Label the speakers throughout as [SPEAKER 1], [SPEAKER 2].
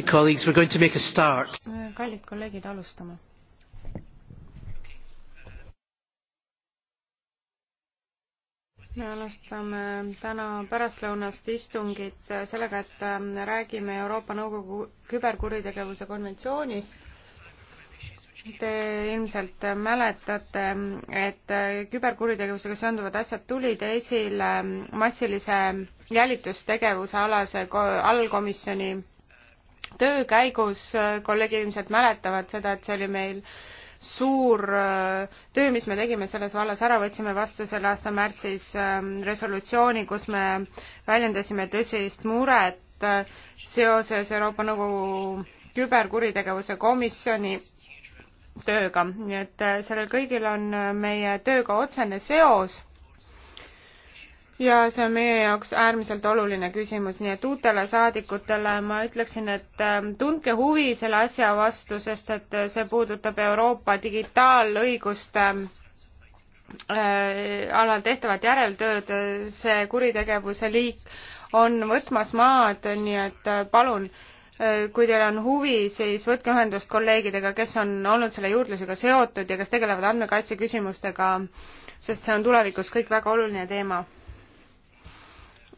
[SPEAKER 1] kallid
[SPEAKER 2] kolleegid, alustame. me alustame täna pärastlõunast istungit sellega, et ähm, räägime Euroopa Nõukogu küberkuritegevuse konventsioonist Te ilmselt mäletate, et äh, küberkuritegevusega seonduvad asjad tulid esile ähm, massilise jälitustegevuse alase allkomisjoni töö käigus, äh, kolleegid ilmselt mäletavad seda, et see oli meil suur äh, töö, mis me tegime selles vallas ära, võtsime vastu selle aasta märtsis ähm, resolutsiooni, kus me väljendasime tõsist muret äh, seoses Euroopa Nõukogu küberkuritegevuse komisjoni tööga, nii et sellel kõigil on meie tööga otsene seos ja see on meie jaoks äärmiselt oluline küsimus, nii et uutele saadikutele ma ütleksin, et ähm, tundke huvi selle asja vastu, sest et äh, see puudutab Euroopa digitaalõiguste ähm, äh, alal tehtavat järeltööd, see kuritegevuse liik on võtmas maad, nii et äh, palun, kui teil on huvi, siis võtke ühendust kolleegidega, kes on olnud selle juurdlusega seotud ja kes tegelevad andmekaitse küsimustega, sest see on tulevikus kõik väga oluline teema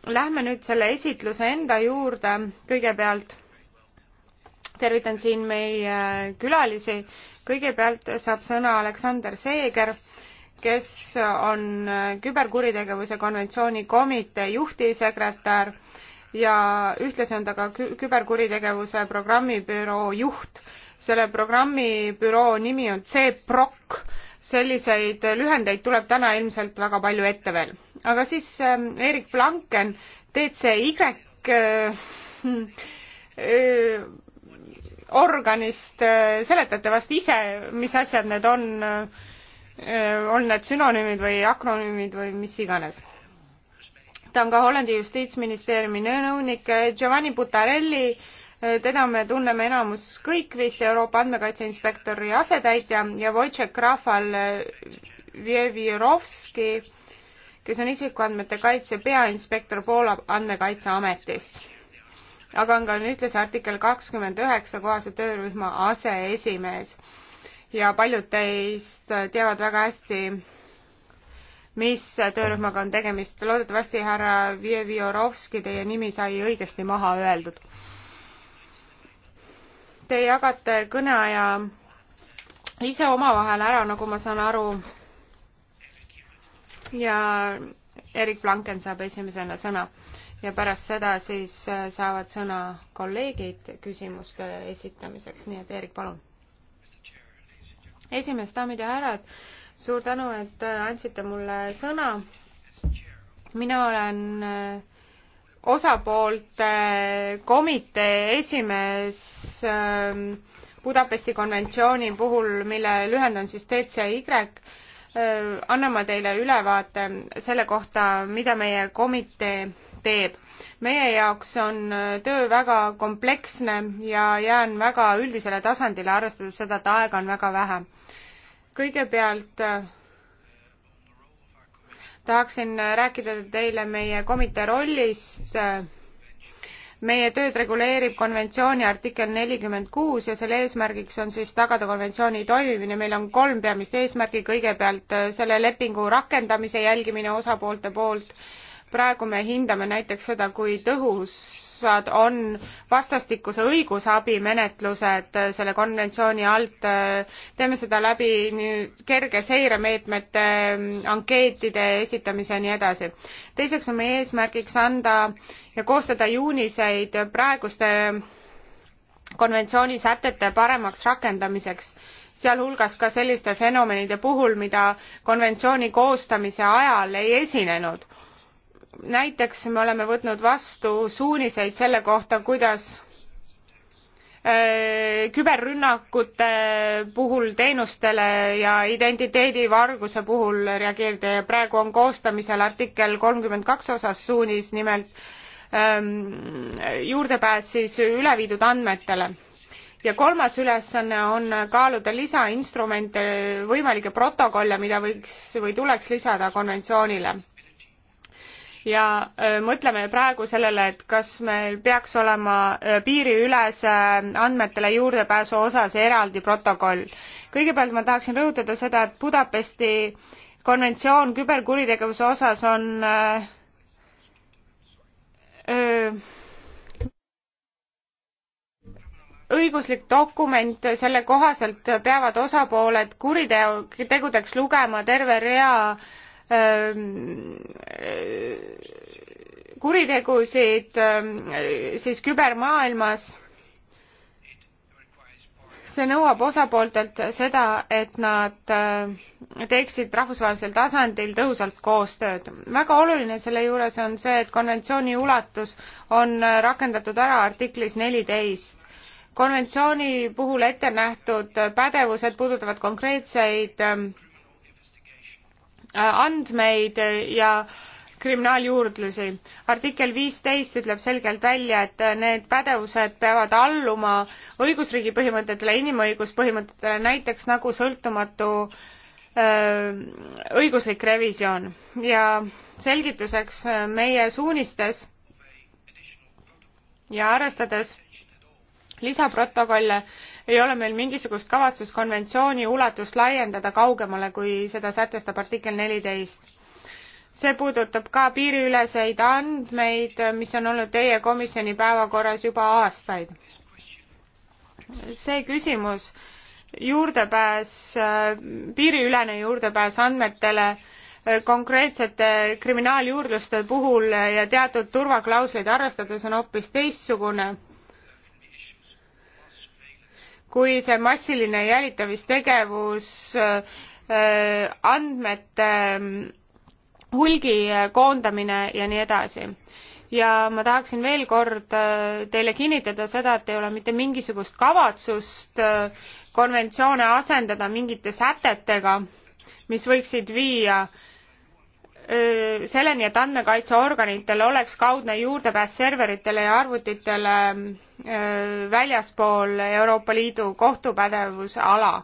[SPEAKER 2] Lähme nüüd selle esitluse enda juurde kõigepealt. tervitan siin meie äh, külalisi. kõigepealt saab sõna Aleksander Seeger, kes on äh, küberkuritegevuse konventsiooni komitee juhtivsekretär ja ühtlasi on ta ka küberkuritegevuse programmibüroo juht. selle programmibüroo nimi on CPROC, selliseid lühendeid tuleb täna ilmselt väga palju ette veel aga siis ähm, Erik Blanken, DCY äh, organist, äh, seletate vast ise, mis asjad need on, äh, on need sünonüümid või akronüümid või mis iganes. ta on ka Hollandi justiitsministeeriumi nõunik Giovanni Butarelli, teda me tunneme enamus kõik vist Euroopa andmekaitse inspektori asetäitja ja Wojciech Krahval Vjevirovski kes on isikuandmete kaitse peainspektor Poola andmekaitseametist. aga on ka ühtlasi artikkel kakskümmend üheksa kohase töörühma aseesimees ja paljud teist teavad väga hästi, mis töörühmaga on tegemist. loodetavasti härra Vjevjorovski, teie nimi sai õigesti maha öeldud. Te jagate kõneaja ise omavahel ära, nagu ma saan aru ja Erik Blanken saab esimesena sõna ja pärast seda siis äh, saavad sõna kolleegid küsimuste esitamiseks, nii et Erik, palun. esimees, daamid ja härrad, suur tänu, et äh, andsite mulle sõna. mina olen äh, osapoolte komitee esimees ähm, Budapesti konventsiooni puhul, mille lühend on siis DCY Äh, annama teile ülevaate selle kohta, mida meie komitee teeb. meie jaoks on äh, töö väga kompleksne ja jään väga üldisele tasandile, arvestades seda, et aega on väga vähe. kõigepealt äh, tahaksin rääkida teile meie komitee rollist meie tööd reguleerib konventsiooni artikkel nelikümmend kuus ja selle eesmärgiks on siis tagada konventsiooni toimimine. meil on kolm peamist eesmärki, kõigepealt äh, selle lepingu rakendamise jälgimine osapoolte poolt praegu me hindame näiteks seda, kui tõhusad on vastastikuse õigusabi menetlused selle konventsiooni alt. teeme seda läbi nüüd kerge seiremeetmete, ankeetide esitamise ja nii edasi. teiseks on meie eesmärgiks anda ja koostada juuniseid praeguste konventsiooni sätete paremaks rakendamiseks sealhulgas ka selliste fenomenide puhul mida konventsiooni koostamise ajal ei esinenud näiteks me oleme võtnud vastu suuniseid selle kohta kuidas äh, küberrünnakute puhul teenustele ja identiteedivarguse puhul reageerida ja praegu on koostamisel artikkel kolmkümmend kaks osas suunis nimelt ähm, juurdepääs siis üle viidud andmetele ja kolmas ülesanne on kaaluda lisainstrumente võimalikke protokolle mida võiks või tuleks lisada konventsioonile ja mõtleme praegu sellele, et kas meil peaks olema piiriülese andmetele juurdepääsu osas eraldi protokoll. kõigepealt ma tahaksin rõhutada seda, et Budapesti konventsioon küberkuritegevuse osas on õiguslik dokument, selle kohaselt peavad osapooled kuritegudeks lugema terve rea äh, Ähm, kuritegusid ähm, siis kübermaailmas. see nõuab osapooltelt seda, et nad äh, teeksid rahvusvahelisel tasandil tõhusalt koostööd. väga oluline selle juures on see, et konventsiooni ulatus on rakendatud ära artiklis neliteist konventsiooni puhul ette nähtud pädevused puudutavad konkreetseid äh, andmeid ja kriminaaljuurdlusi. artikkel viisteist ütleb selgelt välja, et need pädevused peavad alluma õigusriigi põhimõtetele, inimõiguspõhimõtetele, näiteks nagu sõltumatu õiguslik revisjon ja selgituseks meie suunistes ja arvestades lisaprotokolle ei ole meil mingisugust kavatsust konventsiooni ulatust laiendada kaugemale, kui seda sätestab artikkel neliteist. see puudutab ka piiriüleseid andmeid, mis on olnud teie komisjoni päevakorras juba aastaid. see küsimus, juurdepääs, piiriülene juurdepääs andmetele konkreetsete kriminaaljuurdluste puhul ja teatud turvaklausleid arvestades on hoopis teistsugune kui see massiline jälitamistegevus äh, andmete ähm, hulgi äh, koondamine ja nii edasi ja ma tahaksin veel kord äh, teile kinnitada seda, et ei ole mitte mingisugust kavatsust konventsioone asendada mingite sätetega, mis võiksid viia äh, selleni, et andmekaitseorganitel oleks kaudne juurdepääs serveritele ja arvutitele väljaspool Euroopa Liidu kohtupädevuse ala,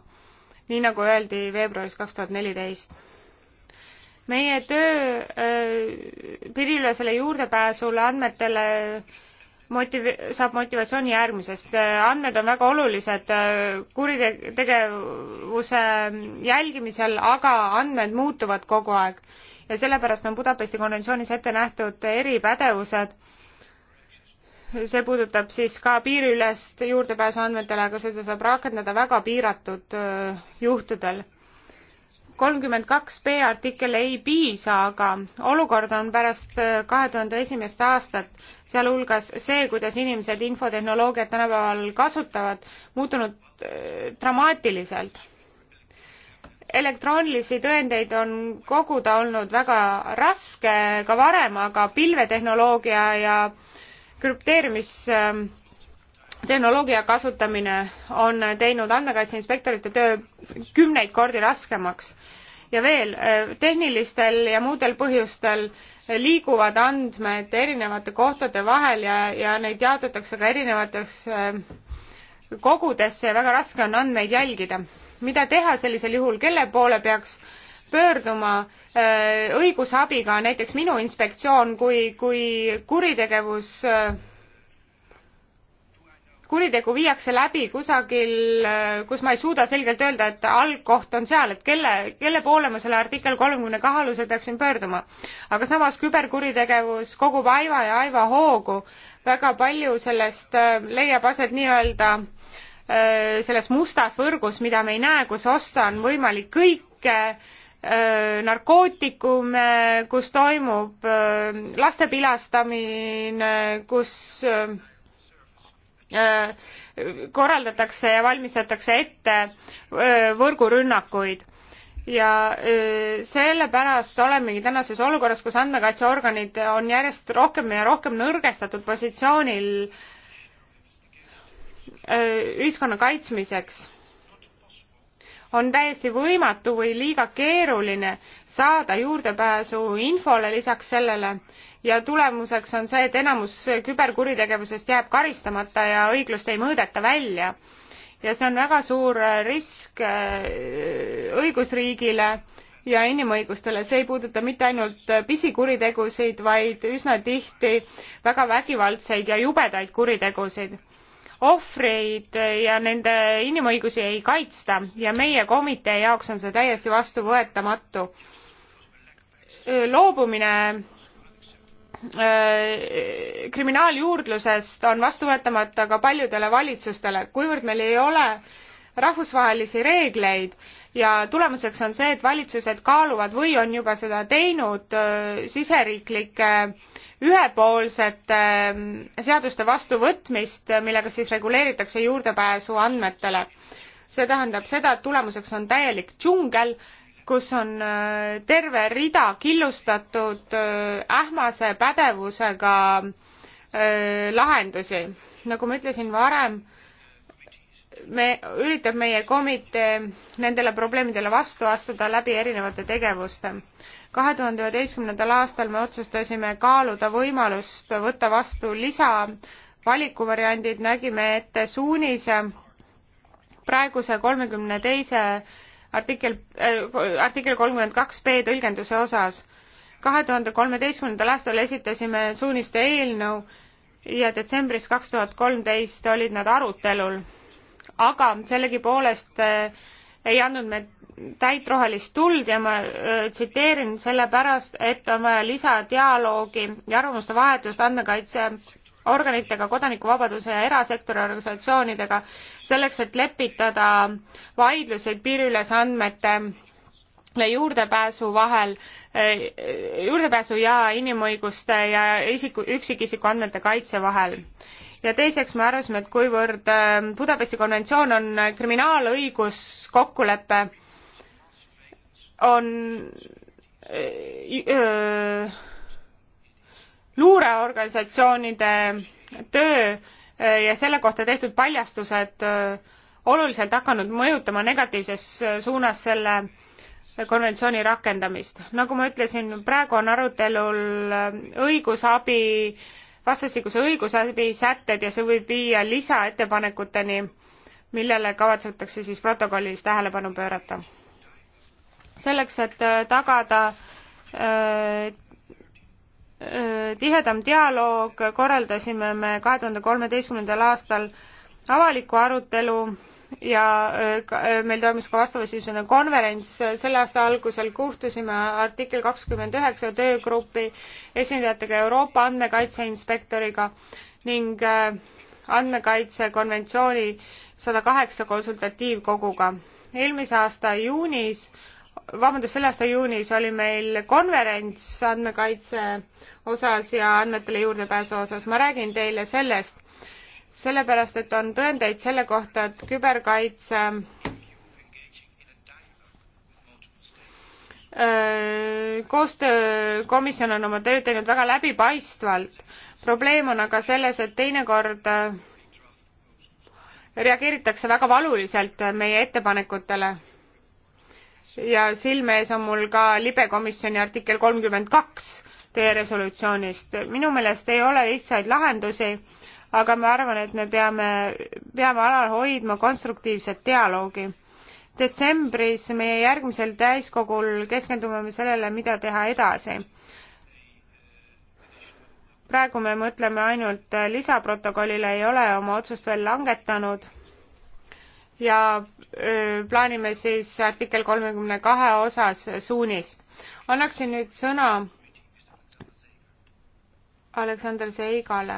[SPEAKER 2] nii nagu öeldi veebruaris kaks tuhat neliteist. meie töö piiriülesele juurdepääsule andmetele motiv-, saab motivatsiooni järgmisest. andmed on väga olulised kuritegevuse jälgimisel, aga andmed muutuvad kogu aeg ja sellepärast on Budapesti konventsioonis ette nähtud eripädevused. see puudutab siis ka piiriülest juurdepääsu andmetele, aga seda saab rakendada väga piiratud äh, juhtudel kolmkümmend kaks B artikkel ei piisa, aga olukord on pärast äh, kahe tuhande esimest aastat, sealhulgas see, kuidas inimesed infotehnoloogiat tänapäeval kasutavad, muutunud äh, dramaatiliselt elektroonilisi tõendeid on koguda olnud väga raske ka varem, aga pilvetehnoloogia ja krüpteerimistehnoloogia kasutamine on teinud andmekaitse inspektorite töö kümneid kordi raskemaks. ja veel, eh, tehnilistel ja muudel põhjustel liiguvad andmed erinevate kohtade vahel ja, ja neid jaotatakse ka erinevateks eh, kogudesse ja väga raske on andmeid jälgida mida teha sellisel juhul, kelle poole peaks pöörduma äh, õigusabiga näiteks minu inspektsioon, kui, kui kuritegevus, äh, kuritegu viiakse läbi kusagil, äh, kus ma ei suuda selgelt öelda, et algkoht on seal, et kelle, kelle poole ma selle artikkel kolmekümne kahe alusel peaksin pöörduma. aga samas küberkuritegevus kogub aiva ja aiva hoogu, väga palju sellest leiab aset nii-öelda Äh, selles mustas võrgus, mida me ei näe, kus osta on võimalik kõike, äh, narkootikume, kus toimub äh, laste pilastamine, kus korraldatakse ja valmistatakse ette võrgurünnakuid ja sellepärast olemegi tänases olukorras, kus andmekaitseorganid on järjest rohkem ja rohkem nõrgestatud positsioonil äh, Äh, ühiskonna kaitsmiseks on täiesti võimatu või liiga keeruline saada juurdepääsu infole lisaks sellele ja tulemuseks on see, et enamus küberkuritegevusest jääb karistamata ja õiglust ei mõõdeta välja. ja see on väga suur risk äh, õigusriigile ja inimõigustele, see ei puuduta mitte ainult pisikuritegusid, vaid üsna tihti väga vägivaldseid ja jubedaid kuritegusid ohvreid ja nende inimõigusi ei kaitsta ja meie komitee jaoks on see täiesti vastuvõetamatu. loobumine äh, kriminaaljuurdlusest on vastuvõetamata ka paljudele valitsustele, kuivõrd meil ei ole rahvusvahelisi reegleid ja tulemuseks on see, et valitsused kaaluvad või on juba seda teinud äh, siseriiklike äh, ühepoolset ähm, seaduste vastuvõtmist, äh, millega siis reguleeritakse juurdepääsu andmetele. see tähendab seda, et tulemuseks on täielik džungel, kus on äh, terve rida killustatud äh, ähmase pädevusega lahendusi. nagu ma ütlesin varem, me, üritab meie komitee nendele probleemidele vastu astuda läbi erinevate tegevuste kahe tuhande üheteistkümnendal aastal me otsustasime kaaluda võimalust võtta vastu lisa valikuvariandid, nägime ette suunise praeguse kolmekümne teise artikkel äh,, artikkel kolmkümmend kaks B tõlgenduse osas. kahe tuhande kolmeteistkümnendal aastal esitasime suuniste eelnõu ja detsembris kaks tuhat kolmteist olid nad arutelul. aga sellegipoolest äh, ei andnud me täit rohelist tuld ja ma tsiteerin sellepärast, et on vaja lisadialoogi ja arvamuste vahetust andmekaitseorganitega, kodanikuvabaduse ja erasektori organisatsioonidega selleks, et lepitada vaidluseid piiriülese andmete juurdepääsu vahel, juurdepääsu ja inimõiguste ja isiku, üksikisiku andmete kaitse vahel ja teiseks me arvasime, et kuivõrd Budapesti konventsioon on kriminaalõiguskokkulepe, on öö, äh, äh, luureorganisatsioonide töö äh, ja selle kohta tehtud paljastused oluliselt hakanud mõjutama negatiivses suunas selle konventsiooni rakendamist. nagu ma ütlesin, praegu on arutelul õigusabi, vastastikuse õigusabi sätted ja see võib viia lisaettepanekuteni, millele kavatsetakse siis protokollis tähelepanu pöörata selleks, et äh, tagada äh, äh, tihedam dialoog korraldasime me kahe tuhande kolmeteistkümnendal aastal avaliku arutelu ja meil toimus ka vastavasisuline konverents selle aasta algusel kohtusime artikkel kakskümmend üheksa töögrupi esindajatega euroopa andmekaitse inspektoriga ning andmekaitse konventsiooni sada kaheksa konsultatiivkoguga eelmise aasta juunis vabandust, selle aasta juunis oli meil konverents andmekaitse osas ja andmetele juurdepääsu osas. ma räägin teile sellest, sellepärast et on tõendeid selle kohta, et küberkaitse äh, koostöökomisjon on oma tööd teinud väga läbipaistvalt. probleem on aga selles, et teinekord äh, reageeritakse väga valuliselt meie ettepanekutele ja silme ees on mul ka libekomisjoni artikkel kolmkümmend kaks teie resolutsioonist. minu meelest ei ole lihtsaid lahendusi, aga ma arvan, et me peame, peame alal hoidma konstruktiivset dialoogi. detsembris meie järgmisel täiskogul keskendume me sellele, mida teha edasi. praegu me mõtleme ainult lisaprotokollile, ei ole oma otsust veel langetanud ja plaanime siis artikkel kolmekümne kahe osas suunist. annaksin nüüd sõna Aleksander Seigale.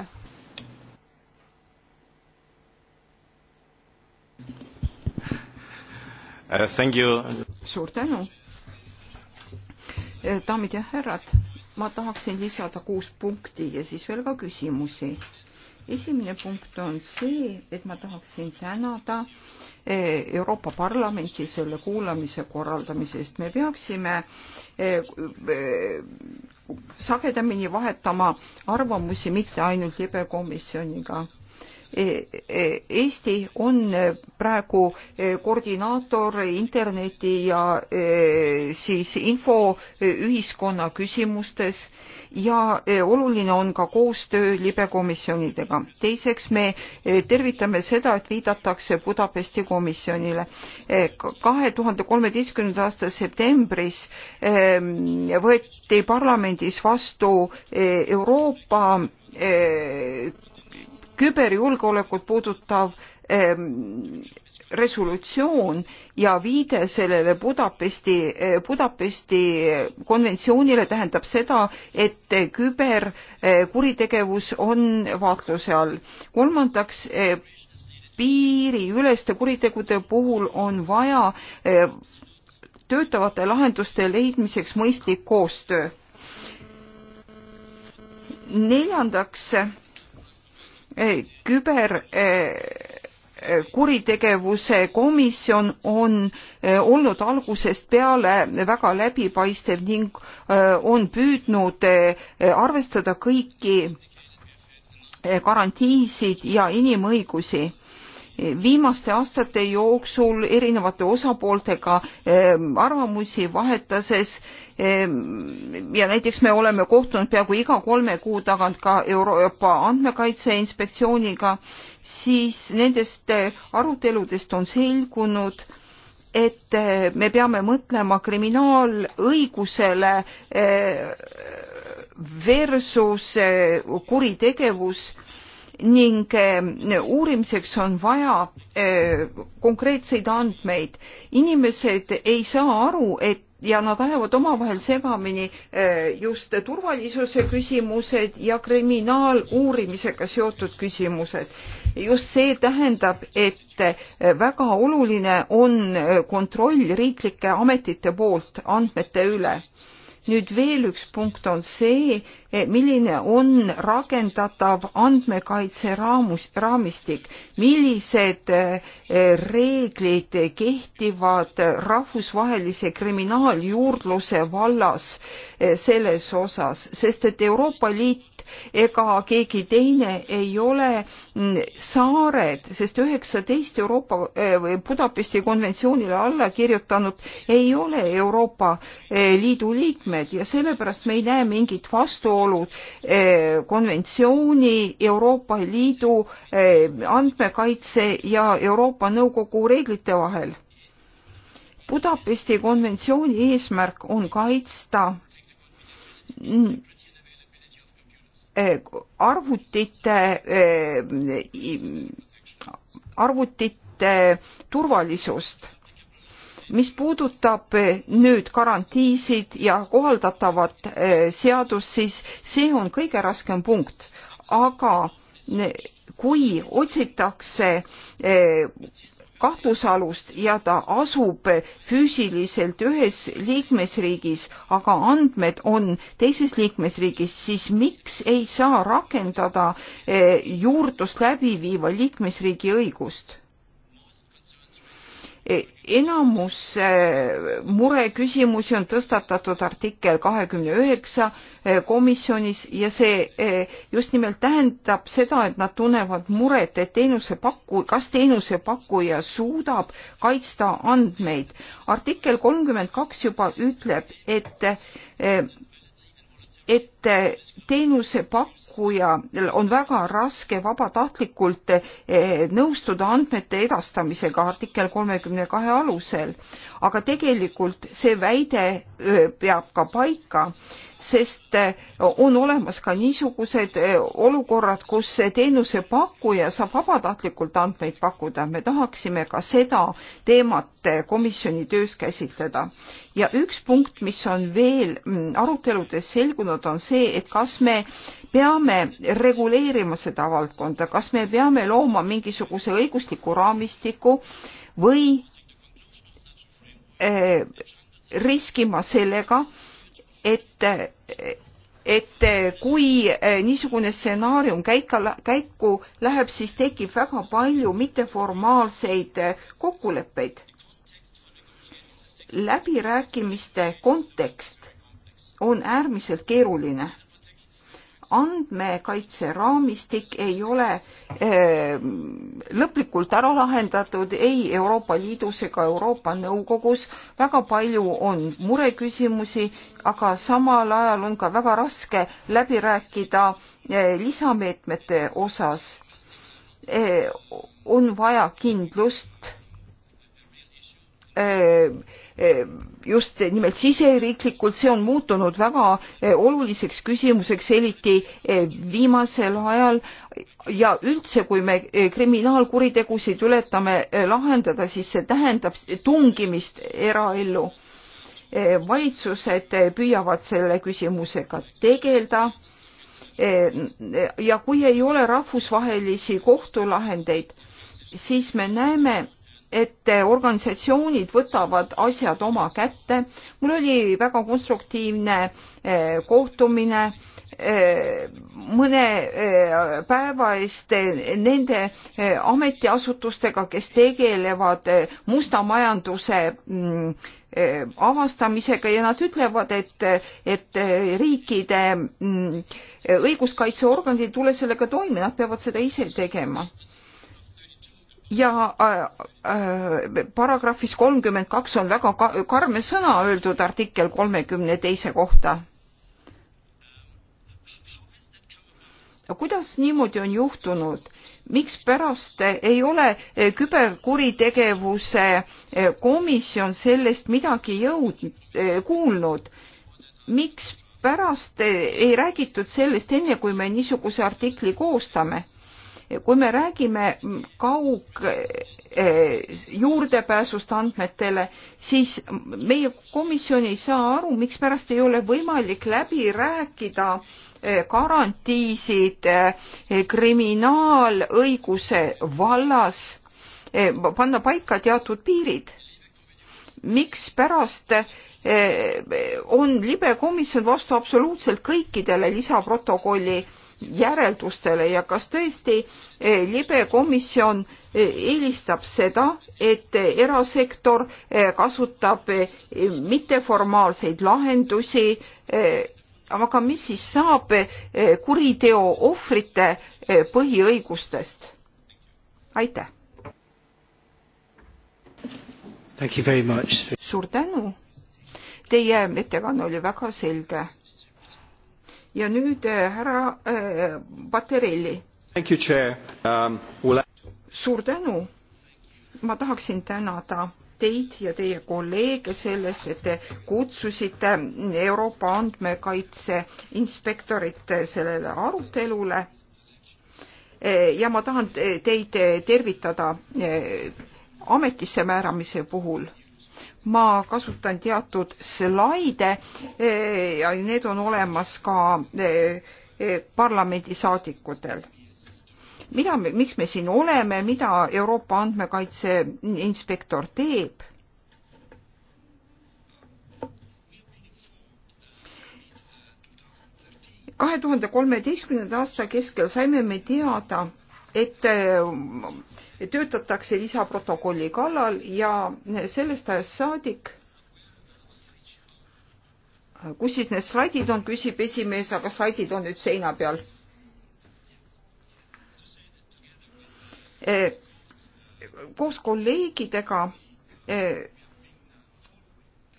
[SPEAKER 2] Uh,
[SPEAKER 3] suur tänu. daamid ja härrad, ma tahaksin lisada kuus punkti ja siis veel ka küsimusi esimene punkt on see, et ma tahaksin tänada eh, Euroopa Parlamenti selle kuulamise korraldamise eest. me peaksime eh, eh, sagedamini vahetama arvamusi mitte ainult libekomisjoniga E, e, Eesti on praegu e, koordinaator interneti ja siis infoühiskonna küsimustes ja oluline on ka koostöö libekomisjonidega. teiseks me tervitame seda, et viidatakse Budapesti komisjonile. kahe tuhande kolmeteistkümnenda aasta septembris võeti parlamendis vastu Euroopa küberjulgeolekut puudutav ehm, resolutsioon ja viide sellele Budapesti, eh, Budapesti konventsioonile tähendab seda, et küberkuritegevus eh, on vaatluse all. kolmandaks, eh, piiriüleste kuritegude puhul on vaja töötavate lahenduste leidmiseks mõistlik koostöö. neljandaks Eh, küber eh, eh, kuritegevuse komisjon on olnud algusest peale väga läbipaistev ning on püüdnud arvestada kõiki garantiisid ja inimõigusi viimaste aastate jooksul erinevate osapooltega ehm, arvamusi vahetades ehm, ja näiteks me oleme kohtunud peaaegu iga kolme kuu tagant ka Euroopa Andmekaitse Inspektsiooniga, siis nendest eh, aruteludest on selgunud, et eh, me peame mõtlema kriminaalõigusele eh, versus kuritegevus ning ehm, uurimiseks on vaja ehm, konkreetseid andmeid. inimesed ei saa aru, et ja nad ajavad omavahel segamini ehm, just turvalisuse küsimused ja kriminaaluurimisega seotud küsimused. just see tähendab, et väga oluline on kontroll riiklike ametite poolt andmete üle nüüd veel üks punkt on see, e, milline on rakendatav andmekaitse raamus, raamistik, millised e, e, reeglid kehtivad rahvusvahelise kriminaaljuurdluse vallas selles osas, sest et Euroopa Liit et ega keegi teine ei ole mm, saared, sest üheksateist Euroopa eh, või Budapesti konventsioonile alla kirjutanud ei ole Euroopa eh, Liidu liikmed ja sellepärast me ei näe mingit vastuolu eh, konventsiooni, Euroopa Liidu andmekaitse ja Euroopa Nõukogu reeglite vahel. Budapesti konventsiooni eesmärk on kaitsta mm, Äh, arvutite, äh, arvutite turvalisust. mis puudutab nüüd garantiisid ja kohaldatavat äh, seadust, siis see on kõige raskem punkt, aga kui otsitakse kahtlusalust ja ta asub füüsiliselt ühes liikmesriigis, aga andmed on teises liikmesriigis, siis miks ei saa rakendada eh, juurdlust läbi viiva liikmesriigi õigust? E, enamus e, mureküsimusi on tõstatatud artikkel kahekümne üheksa e, komisjonis ja see just nimelt tähendab seda, et nad tunnevad muret, et teenusepakku-, kas teenusepakkuja suudab kaitsta andmeid. artikkel kolmkümmend kaks juba ütleb, et et teenusepakkujal on väga raske vabatahtlikult eh, nõustuda andmete edastamisega artikkel kolmekümne kahe alusel, aga tegelikult see väide eh, peab ka paika sest eh, on olemas ka niisugused eh, olukorrad, kus teenusepakkuja saab vabatahtlikult andmeid pakkuda. me tahaksime ka seda teemat eh, komisjoni töös käsitleda. ja üks punkt, mis on veel mm, aruteludes selgunud, on see, et kas me peame reguleerima seda valdkonda, kas me peame looma mingisuguse õigusliku raamistiku või riskima sellega, et et kui eh, niisugune stsenaarium käika, käiku läheb, siis tekib väga palju mitteformaalseid eh, kokkuleppeid. läbirääkimiste kontekst on äärmiselt keeruline andmekaitseraamistik ei ole öö, ehm, lõplikult ära lahendatud ei Euroopa Liidus ega Euroopa Nõukogus. väga palju on mureküsimusi, aga samal ajal on ka väga raske läbi rääkida öö, eh, lisameetmete osas e,. on vaja kindlust öö, ehm, just nimelt siseriiklikult, see on muutunud väga eh, oluliseks küsimuseks, eriti eh, viimasel ajal ja üldse, kui me eh, kriminaalkuritegusid ületame lahendada, siis see tähendab tungimist eraellu. valitsused püüavad selle küsimusega tegeleda ja kui ei ole rahvusvahelisi kohtulahendeid, siis me näeme, et organisatsioonid võtavad asjad oma kätte. mul oli väga konstruktiivne eh, kohtumine eh, mõne eh, päeva eest nende ametiasutustega, kes tegelevad musta majanduse mm, avastamisega ja nad ütlevad, et, et riikide mm, õiguskaitseorganid ei tule sellega toime, nad peavad seda ise tegema ja äh, äh, paragrahvis kolmkümmend kaks on väga ka karme sõna öeldud artikkel kolmekümne teise kohta. kuidas niimoodi on juhtunud? mikspärast ei ole äh, küberkuritegevuse äh, komisjon sellest midagi jõudnud, kuulnud? mikspärast ei räägitud sellest enne, kui me niisuguse artikli koostame? kui me räägime kaug eh, juurdepääsust andmetele, siis meie komisjon ei saa aru, mikspärast ei ole võimalik läbi rääkida eh, garantiisid eh, kriminaalõiguse vallas, panna paika teatud piirid. mikspärast on libe komisjon vastu absoluutselt kõikidele lisaprotokolli järeldustele ja kas tõesti eh, libe komisjon eh, eelistab seda, et eh, erasektor kasutab mitteformaalseid lahendusi, aga mis siis saab kuriteo ohvrite põhiõigustest? aitäh! suur tänu! Teie ettekanne oli väga selge ja nüüd äh, härra äh, Paterelli.
[SPEAKER 1] Um, will...
[SPEAKER 3] suur tänu. ma tahaksin tänada teid ja teie kolleege sellest, et te kutsusite Euroopa andmekaitse inspektorit sellele arutelule. Äh, ja ma tahan teid tervitada äh, ametisse määramise puhul ma kasutan teatud slaide eh, ja need on olemas ka eh, eh, parlamendisaadikutel. mida, miks me siin oleme, mida Euroopa andmekaitse inspektor teeb? kahe tuhande kolmeteistkümnenda aasta keskel saime me teada, et töötatakse lisaprotokolli kallal ja sellest ajast saadik kus siis need slaidid on, küsib esimees, aga slaidid on nüüd seina peal. koos kolleegidega e,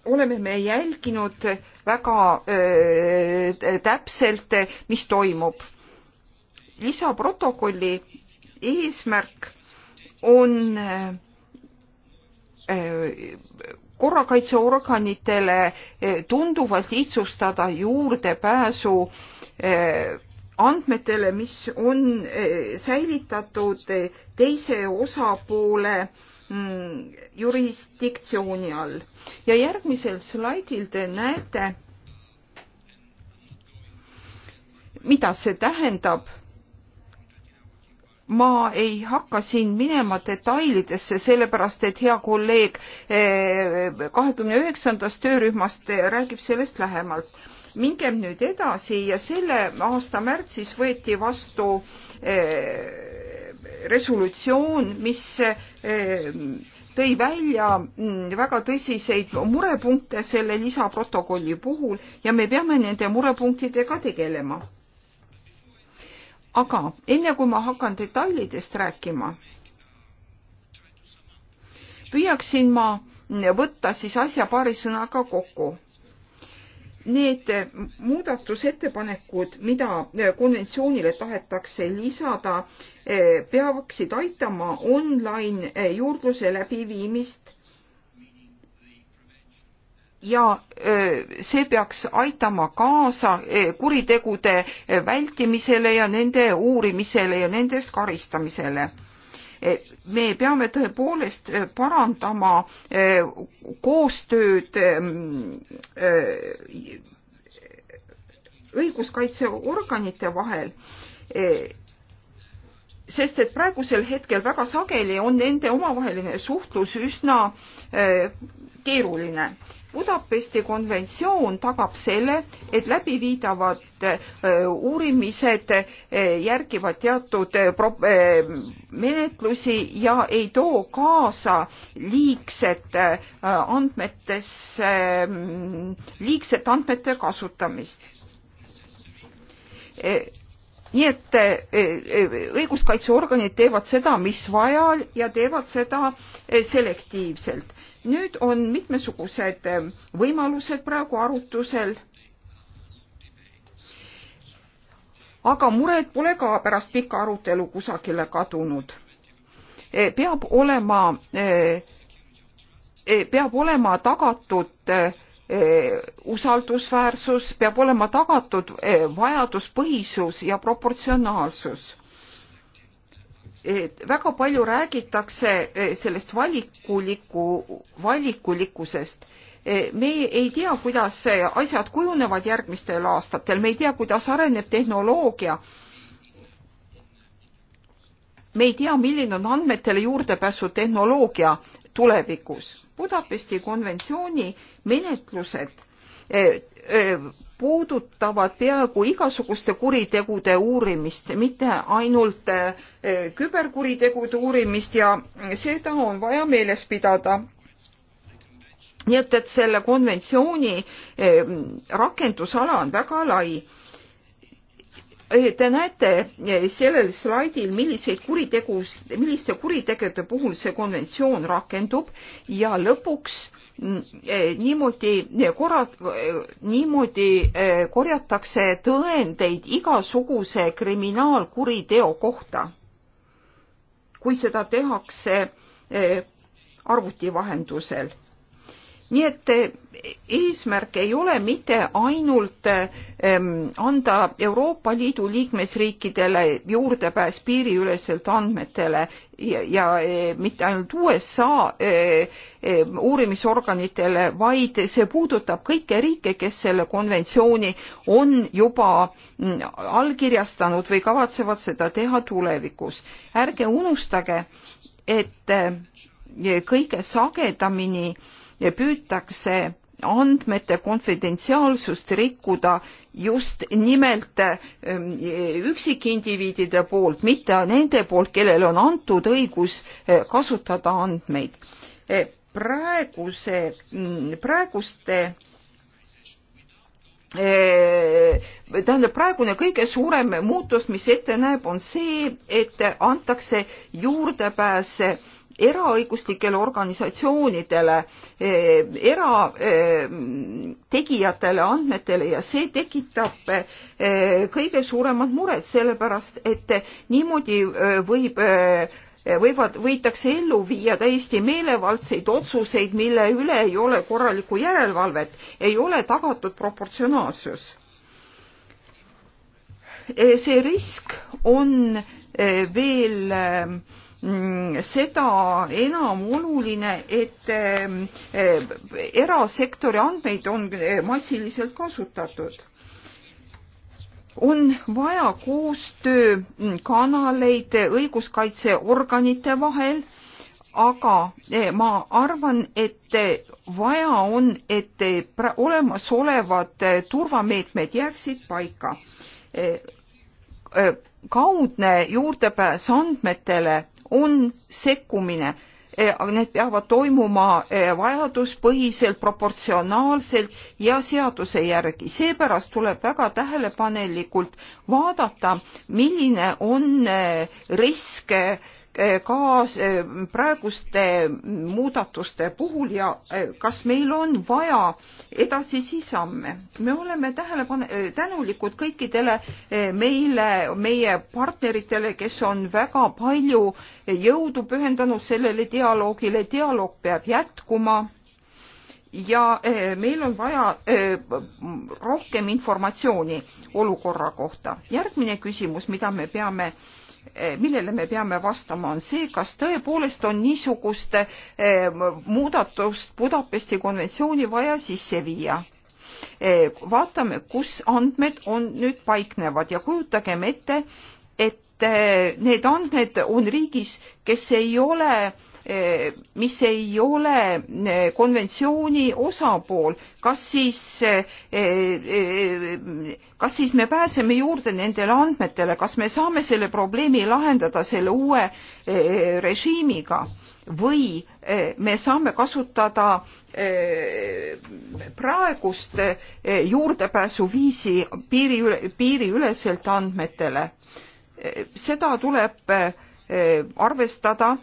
[SPEAKER 3] oleme me jälginud väga e, täpselt, mis toimub. lisaprotokolli eesmärk on äh, äh, korrakaitseorganitele äh, tunduvalt lihtsustada juurdepääsu andmetele, mis on säilitatud teise osapoole mm, jurisdiktsiooni all. ja järgmisel slaidil te näete, mida see tähendab ma ei hakka siin minema detailidesse, sellepärast et hea kolleeg eh, kahekümne üheksandast töörühmast räägib sellest lähemalt. mingem nüüd edasi ja selle aasta märtsis võeti vastu eh, resolutsioon, mis eh, tõi välja mm, väga tõsiseid murepunkte selle lisaprotokolli puhul ja me peame nende murepunktidega tegelema aga enne kui ma hakkan detailidest rääkima, püüaksin ma võtta siis asja paari sõnaga kokku. Need muudatusettepanekud, mida konventsioonile tahetakse lisada, peaksid aitama online juurdluse läbiviimist ja see peaks aitama kaasa kuritegude vältimisele ja nende uurimisele ja nendest karistamisele. me peame tõepoolest parandama koostööd õiguskaitseorganite vahel sest et praegusel hetkel väga sageli on nende omavaheline suhtlus üsna keeruline. Budapesti konventsioon tagab selle, et läbiviidavad äh, uurimised äh, järgivad teatud äh, menetlusi ja ei too kaasa liigset andmetesse, ähm, liigset andmete kasutamist nii et eh, eh, õiguskaitseorganid teevad seda, mis vaja ja teevad seda eh, selektiivselt. nüüd on mitmesugused võimalused praegu arutusel. aga mured pole ka pärast pikka arutelu kusagile kadunud. peab olema, peab olema tagatud Eh, usaldusväärsus, peab olema tagatud eh, vajaduspõhisus ja proportsionaalsus. väga palju räägitakse eh, sellest valikuliku, valikulikkusest. me ei tea, kuidas asjad kujunevad järgmistel aastatel, me ei tea, kuidas areneb tehnoloogia me ei tea, milline on andmetele juurdepääsu tehnoloogia tulevikus. Budapesti konventsiooni menetlused eh, eh, puudutavad peaaegu igasuguste kuritegude uurimist, mitte ainult eh, küberkuritegude uurimist ja seda on vaja meeles pidada. nii et, et selle konventsiooni rakendusala on väga lai Eh, te näete eh, sellel slaidil, milliseid kuritegus, milliste kuritegude puhul see konventsioon rakendub ja lõpuks mm, eh, niimoodi korrat-, niimoodi korjatakse tõendeid igasuguse kriminaalkuriteo kohta, kui seda tehakse arvuti vahendusel. nii et eesmärk ei ole mitte ainult ehm, anda Euroopa Liidu liikmesriikidele juurdepääs piiriüleselt andmetele ja eh, mitte ainult USA eh, ehm, uurimisorganitele, vaid see puudutab kõiki riike, kes selle konventsiooni on juba mm, allkirjastanud või kavatsevad seda teha tulevikus. ärge unustage, et eh, kõige sagedamini püütakse andmete konfidentsiaalsust rikkuda just nimelt ähm, üksikindiviidide poolt, mitte nende poolt, kellele on antud õigus äh, kasutada andmeid. Äh, praeguse, mm, praeguste äh, tähendab, praegune kõige suurem muutus, mis ette näeb, on see, et antakse juurdepääs eraõiguslikele organisatsioonidele, e, erategijatele e, andmetele ja see tekitab e, kõige suuremad mured, sellepärast et niimoodi võib võivad, võidakse ellu viia täiesti meelevaldseid otsuseid, mille üle ei ole korralikku järelevalvet, ei ole tagatud proportsionaalsus. see risk on veel Mm, seda enam oluline, et ähm, äh, erasektori andmeid on äh, massiliselt kasutatud. on vaja koostöökanaleid õiguskaitseorganite vahel, aga äh, ma arvan, et vaja on, et olemasolevad turvameetmed jääksid paika. kaudne juurdepääs andmetele on sekkumine eh, need peavad toimuma eh, vajaduspõhiselt, proportsionaalselt ja seaduse järgi. seepärast tuleb väga tähelepanelikult vaadata, milline on eh, risk kaas e, praeguste muudatuste puhul ja e, kas meil on vaja edasisi samme. me oleme tähelepanu, e, tänulikud kõikidele meile, meie partneritele, kes on väga palju jõudu pühendanud sellele dialoogile, dialoog peab jätkuma ja meil on vaja rohkem informatsiooni olukorra kohta. järgmine küsimus, mida me peame Eh, millele me peame vastama, on see, kas tõepoolest on niisugust eh, muudatust Budapesti konventsiooni vaja sisse viia. Eh, vaatame, kus andmed on nüüd paiknevad ja kujutagem ette, et need andmed on riigis, kes ei ole Eh, mis ei ole eh, konventsiooni osapool, kas siis, eh, kas siis me pääseme juurde nendele andmetele, kas me saame selle probleemi lahendada selle uue režiimiga? või me saame kasutada praegust juurdepääsuviisi piiri, piiriüleselt andmetele. seda tuleb arvestada.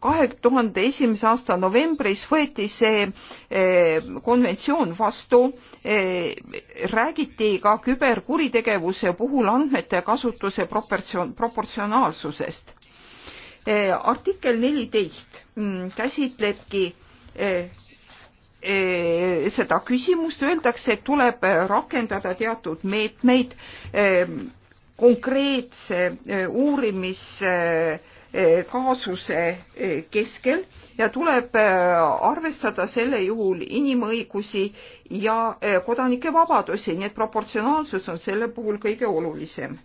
[SPEAKER 3] kahe tuhande esimese aasta novembris võeti see e, konventsioon vastu. E, räägiti ka küberkuritegevuse puhul andmete kasutuse proportsioon, proportsionaalsusest. E, artikkel neliteist mm, käsitlebki seda küsimust öeldakse, et tuleb rakendada teatud meetmeid konkreetse eh, uurimiskaasuse eh, eh, keskel ja tuleb arvestada selle juhul inimõigusi ja kodanike vabadusi, nii et proportsionaalsus on selle puhul kõige olulisem.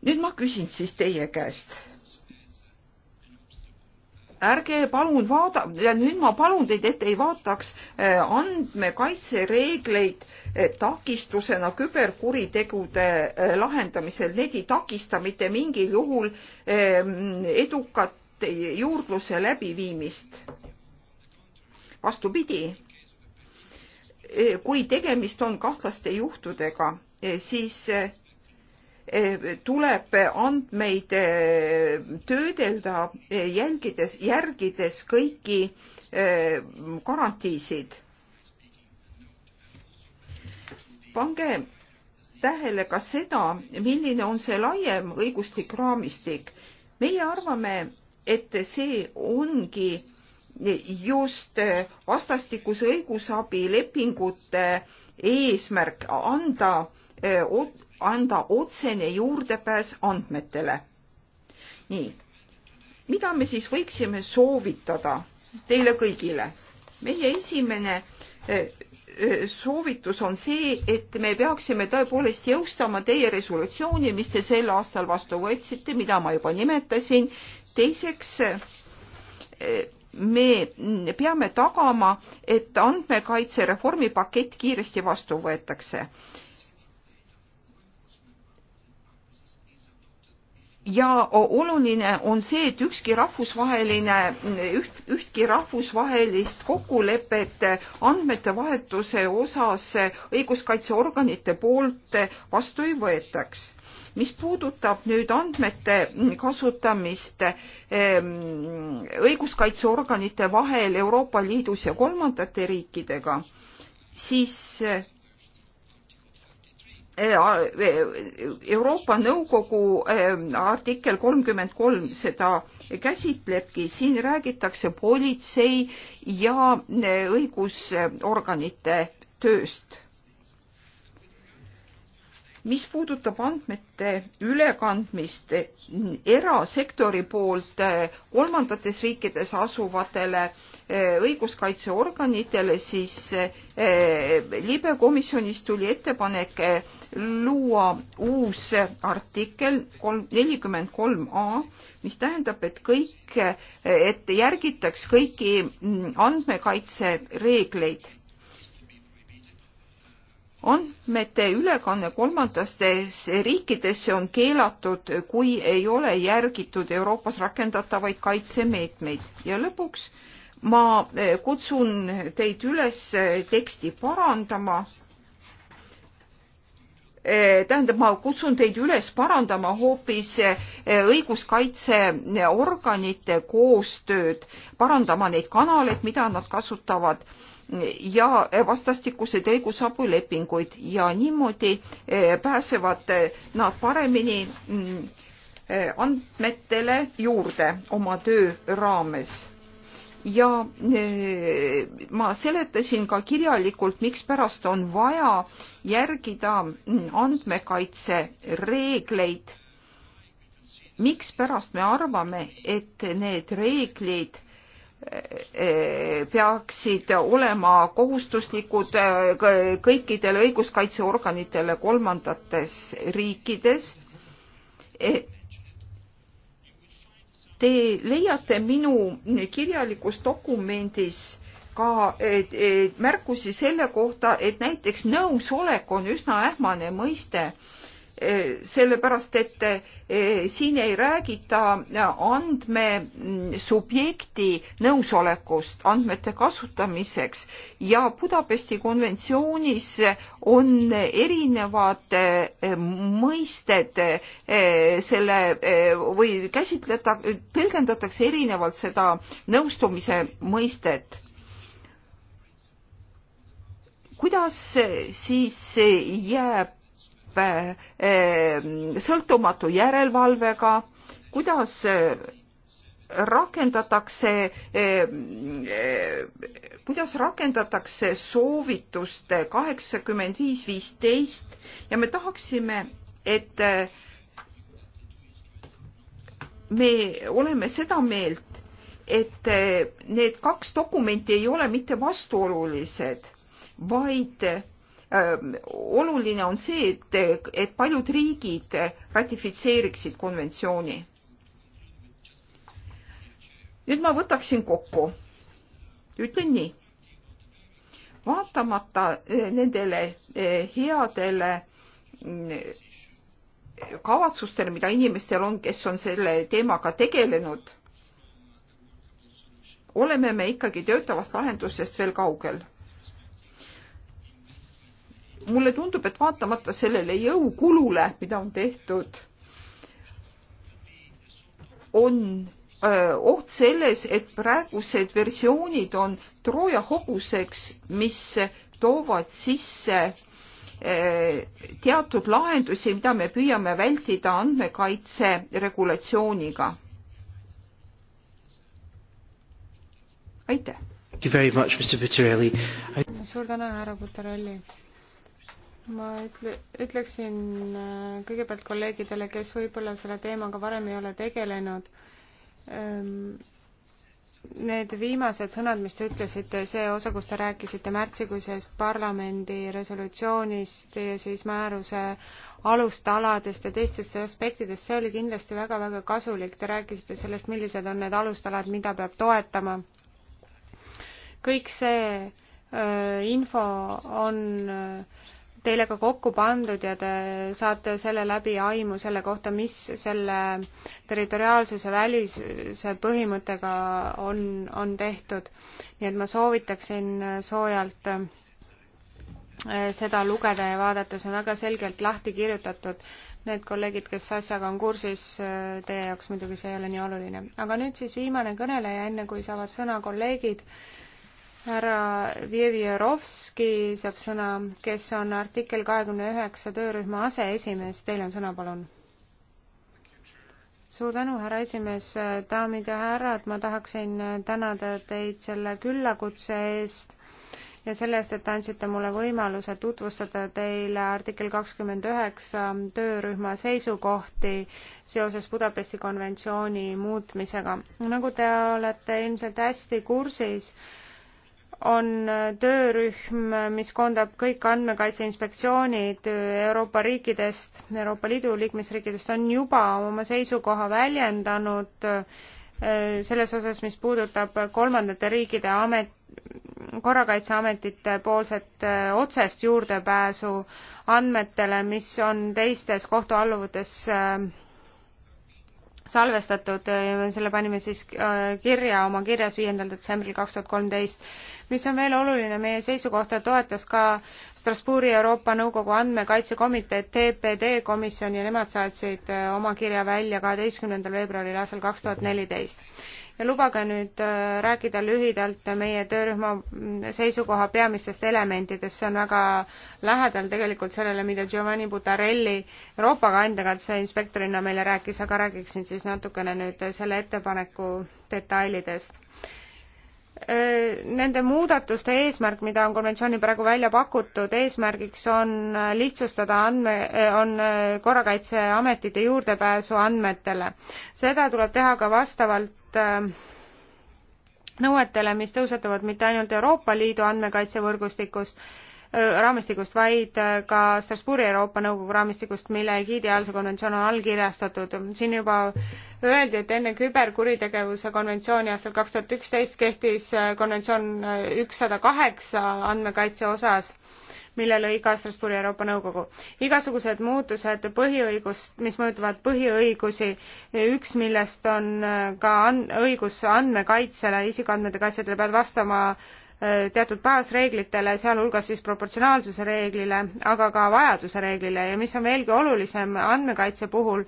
[SPEAKER 3] nüüd ma küsin siis teie käest ärge palun vaada, nüüd ma palun teid, et ei vaataks eh, andmekaitsereegleid eh, takistusena küberkuritegude eh, lahendamisel, need ei takista mitte mingil juhul edukat juurdluse läbiviimist. vastupidi, kui tegemist on kahtlaste juhtudega, siis tuleb andmeid eh, töödelda, eh, jälgides, järgides kõiki eh, garantiisid. pange tähele ka seda, milline on see laiem õigustik, raamistik. meie arvame, et see ongi just vastastikuse õigusabilepingute eesmärk anda anda otsene juurdepääs andmetele. nii, mida me siis võiksime soovitada teile kõigile? meie esimene soovitus on see, et me peaksime tõepoolest jõustama teie resolutsiooni, mis te sel aastal vastu võtsite, mida ma juba nimetasin. teiseks, me peame tagama, et andmekaitsereformi pakett kiiresti vastu võetakse ja oluline on see, et ükski rahvusvaheline, üht, ühtki rahvusvahelist kokkulepet andmete vahetuse osas õiguskaitseorganite poolt vastu ei võetaks mis puudutab nüüd andmete kasutamist ehm, õiguskaitseorganite vahel Euroopa Liidus ja kolmandate riikidega, siis Äh, äh, Euroopa Nõukogu ähm, artikkel kolmkümmend kolm seda käsitlebki, siin räägitakse politsei ja äh, õigusorganite tööst. mis puudutab andmete ülekandmist erasektori poolt kolmandates riikides asuvatele äh, Eh, õiguskaitseorganitele, siis eh, libe komisjonis tuli ettepanek eh, luua uus artikkel nelikümmend kolm A, mis tähendab, et kõik, et järgitaks kõiki mm, andmekaitsereegleid andmete ülekanne kolmandatesse riikidesse on keelatud, kui ei ole järgitud Euroopas rakendatavaid kaitsemeetmeid ja lõpuks ma eh, kutsun teid üles eh, teksti parandama eh, tähendab, ma kutsun teid üles parandama hoopis õiguskaitseorganite koostööd, parandama neid kanaleid, mida nad kasutavad mm, ja vastastikuseid õigusabilepinguid ja niimoodi pääsevad nad paremini mm, andmetele juurde oma töö raames ja e, ma seletasin ka kirjalikult, mikspärast on vaja järgida andmekaitsereegleid. mikspärast me arvame, et need reeglid e, peaksid olema kohustuslikud e, kõikidele õiguskaitseorganitele kolmandates riikides Te leiate minu kirjalikus dokumendis ka märkusi selle kohta, et näiteks nõusolek on üsna ähmane mõiste sellepärast et eh, siin ei räägita andmesubjekti mm, nõusolekust andmete kasutamiseks ja Budapesti konventsioonis on erinevad eh, mõisted eh, selle või käsitleda, tõlgendatakse erinevalt seda nõustumise mõistet kuidas siis jääb Eh, sõltumatu järelevalvega, kuidas eh, rakendatakse, eh, kuidas rakendatakse soovitust kaheksakümmend viis viisteist ja me tahaksime, et me oleme seda meelt, et need kaks dokumenti ei ole mitte vastuolulised, vaid oluline on see, et, et paljud riigid ratifitseeriksid konventsiooni. nüüd ma võtaksin kokku. ütlen nii. vaatamata nendele headele kavatsustele, mida inimestel on, kes on selle teemaga tegelenud, oleme me ikkagi töötavast lahendusest veel kaugel mulle tundub, et vaatamata sellele jõukulule, mida on tehtud, on öö, oht selles, et praegused versioonid on Trooja hobuseks, mis toovad sisse öö, teatud lahendusi, mida me püüame vältida andmekaitse regulatsiooniga.
[SPEAKER 1] aitäh!
[SPEAKER 2] suur tänu, härra Butarelli! I ma ütle, ütleksin äh, kõigepealt kolleegidele, kes võib-olla selle teemaga varem ei ole tegelenud. Ehm, need viimased sõnad, mis te ütlesite, see osa, kus te rääkisite märtsikuisest parlamendi resolutsioonist ja siis määruse alustaladest ja teistest aspektidest, see oli kindlasti väga-väga kasulik. Te rääkisite sellest, millised on need alustalad, mida peab toetama. kõik see öö, äh, info on öö, äh, teile ka kokku pandud ja te saate selle läbi aimu selle kohta, mis selle territoriaalsuse välise põhimõttega on, on tehtud. nii et ma soovitaksin soojalt eh, seda lugeda ja vaadata, see on väga selgelt lahti kirjutatud. Need kolleegid, kes asjaga on kursis, eh, teie jaoks muidugi see ei ole nii oluline. aga nüüd siis viimane kõneleja, enne kui saavad sõna kolleegid härra Vjevjerovski saab sõna, kes on artikkel kahekümne üheksa töörühma aseesimees, teil on sõna, palun. suur tänu, härra esimees, daamid ja härrad, ma tahaksin tänada teid selle küllakutse eest ja selle eest, et andsite mulle võimaluse tutvustada teile artikkel kakskümmend üheksa töörühma seisukohti seoses Budapesti konventsiooni muutmisega. nagu te olete ilmselt hästi kursis, on töörühm, mis koondab kõik andmekaitse inspektsioonid Euroopa riikidest, Euroopa Liidu liikmesriikidest, on juba oma seisukoha väljendanud eh, selles osas, mis puudutab kolmandate riikide amet, korrakaitseametite poolset eh, otsest juurdepääsu andmetele, mis on teistes kohtualluvutes eh, salvestatud, selle panime siis äh, kirja oma kirjas viiendal detsembril kaks tuhat kolmteist. mis on veel oluline, meie seisukohta toetas ka Strasbourgi Euroopa Nõukogu andmekaitsekomitee TPD komisjon ja nemad saatsid äh, oma kirja välja kaheteistkümnendal veebruaril aastal kaks tuhat neliteist ja lubage nüüd äh, rääkida lühidalt meie töörühma mm, seisukoha peamistest elementidest, see on väga lähedal tegelikult sellele, mida Giovanni Butarelli Euroopa kandjakatse inspektorina meile rääkis, aga räägiksin siis natukene nüüd selle ettepaneku detailidest äh, nende muudatuste eesmärk, mida on konventsiooni praegu välja pakutud, eesmärgiks on äh, lihtsustada andme, on korrakaitseametite juurdepääsu andmetele. seda tuleb teha ka vastavalt Äh, nõuetele, mis tõusetuvad mitte ainult Euroopa Liidu andmekaitsevõrgustikust, äh, raamistikust, vaid äh, ka Strasbourgi Euroopa Nõukogu raamistikust, mille egiidi all see konventsioon on allkirjastatud. siin juba öeldi, et enne küberkuritegevuse konventsiooni aastal kaks tuhat üksteist kehtis konventsioon ükssada kaheksa andmekaitse osas mille lõi ka Strasbourgi Euroopa Nõukogu. igasugused muutused põhiõigust, mis mõjutavad põhiõigusi, üks millest on äh, ka an-, õigus andmekaitsele, isikuandmete kaitsjatele peavad vastama äh, Äh, teatud baasreeglitele, sealhulgas siis proportsionaalsuse reeglile, aga ka vajaduse reeglile ja mis on veelgi olulisem andmekaitse puhul,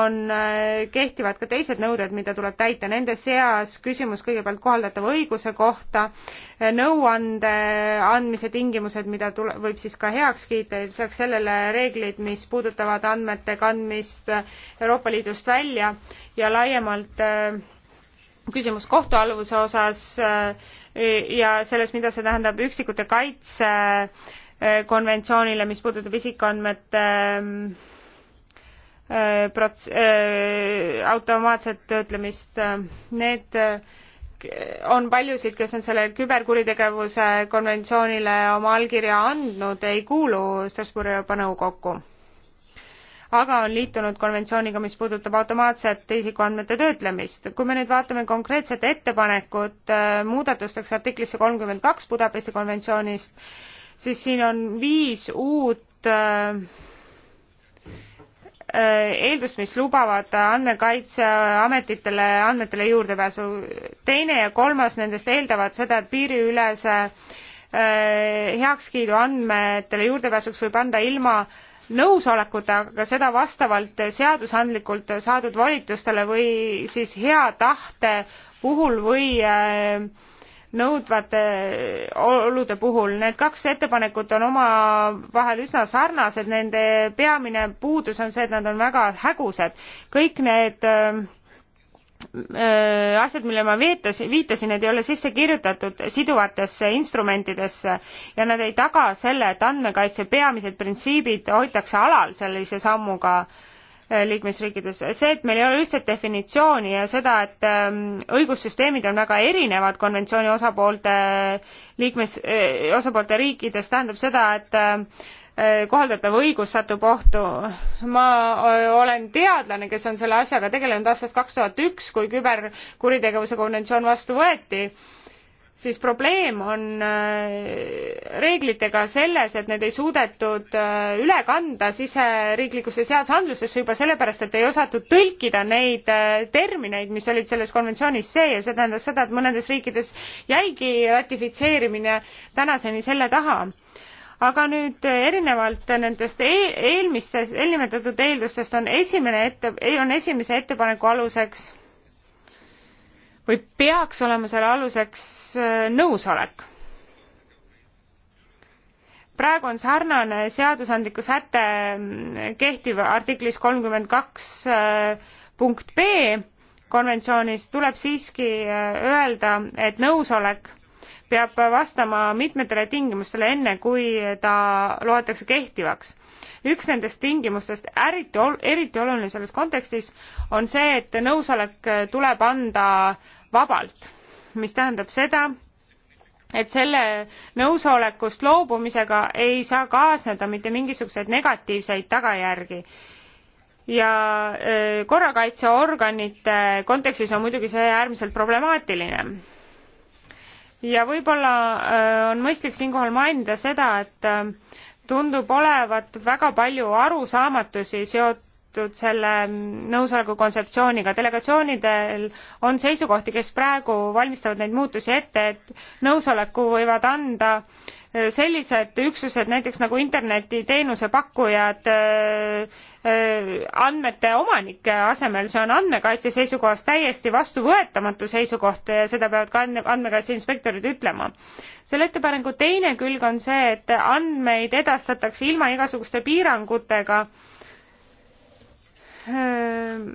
[SPEAKER 2] on, äh, kehtivad ka teised nõuded, mida tuleb täita, nende seas küsimus kõigepealt kohaldatava õiguse kohta, äh, nõuande andmise tingimused, mida tule, võib siis ka heaks kiita ja lisaks sellele reeglid, mis puudutavad andmete kandmist Euroopa Liidust välja ja laiemalt äh, küsimus kohtualuvuse osas äh, ja selles, mida see tähendab üksikute kaitse äh, konventsioonile, mis puudutab isikuandmete äh, prots-, automaatset töötlemist, need on paljusid, kes on selle küberkuritegevuse konventsioonile oma allkirja andnud, ei kuulu Strasbourgi Euroopa Nõukokku aga on liitunud konventsiooniga, mis puudutab automaatset isikuandmete töötlemist. kui me nüüd vaatame konkreetset ettepanekut äh, muudatusteks artiklisse kolmkümmend kaks Budapesti konventsioonist, siis siin on viis uut äh, äh, eeldust, mis lubavad andmekaitseametitele andmetele juurdepääsu. teine ja kolmas nendest eeldavad seda, et piiriülese heakskiidu andmetele juurdepääsuks võib anda ilma äh, nõusolekut, aga seda vastavalt seadusandlikult saadud volitustele või siis hea tahte puhul või äh, nõudvate äh, olude puhul. Need kaks ettepanekut on omavahel üsna sarnased, nende peamine puudus on see, et nad on väga hägused. kõik need äh, Äh, asjad, millele ma viitasin, viitasin, need ei ole sisse kirjutatud siduvatesse instrumentidesse ja nad ei taga selle, et andmekaitse peamised printsiibid hoitakse alal sellise sammuga äh, liikmesriikides. see, et meil ei ole ühtset definitsiooni ja seda, et ähm, õigussüsteemid on väga erinevad konventsiooni osapoolte äh, liikmes, osapoolte riikides, tähendab seda, et Eh, kohaldatav õigus satub ohtu. ma eh, olen teadlane, kes on selle asjaga tegelenud aastast kaks tuhat üks, kui küberkuritegevuse konventsioon vastu võeti, siis probleem on eh, reeglitega selles, et need ei suudetud üle kanda siseriiklikusse seadusandlusesse juba sellepärast, et ei osatud tõlkida neid termineid, mis olid selles konventsioonis see ja see tähendas seda, et mõnedes riikides jäigi ratifitseerimine tänaseni selle taha aga nüüd eh, erinevalt nendest eel, eelmistest, eelnimetatud eeldustest on esimene ette, on esimese ettepaneku aluseks või peaks olema selle aluseks eh, nõusolek. praegu on sarnane seadusandliku säte mm, kehtiv artiklis kolmkümmend kaks eh, punkt B konventsioonis tuleb siiski öelda, et nõusolek peab vastama mitmetele tingimustele enne, kui ta loetakse kehtivaks. üks nendest tingimustest, eriti, eriti oluline selles kontekstis, on see, et nõusolek tuleb anda vabalt, mis tähendab seda, et selle nõusolekust loobumisega ei saa kaasneda mitte mingisuguseid negatiivseid tagajärgi ja äh, korrakaitseorganite kontekstis on muidugi see äärmiselt problemaatiline ja võib-olla äh, on mõistlik siinkohal mainida seda, et äh, tundub olevat väga palju arusaamatusi seotud selle nõusoleku kontseptsiooniga. delegatsioonidel on seisukohti, kes praegu valmistavad neid muutusi ette, et nõusoleku võivad anda äh, sellised üksused näiteks nagu internetiteenuse pakkujad äh, äh, andmete omanike asemel, see on andmekaitse seisukohast täiesti vastuvõetamatu seisukoht ja seda peavad ka andmekaitse inspektorid ütlema. selle ettepaneku teine külg on see, et andmeid edastatakse ilma igasuguste piirangutega äh,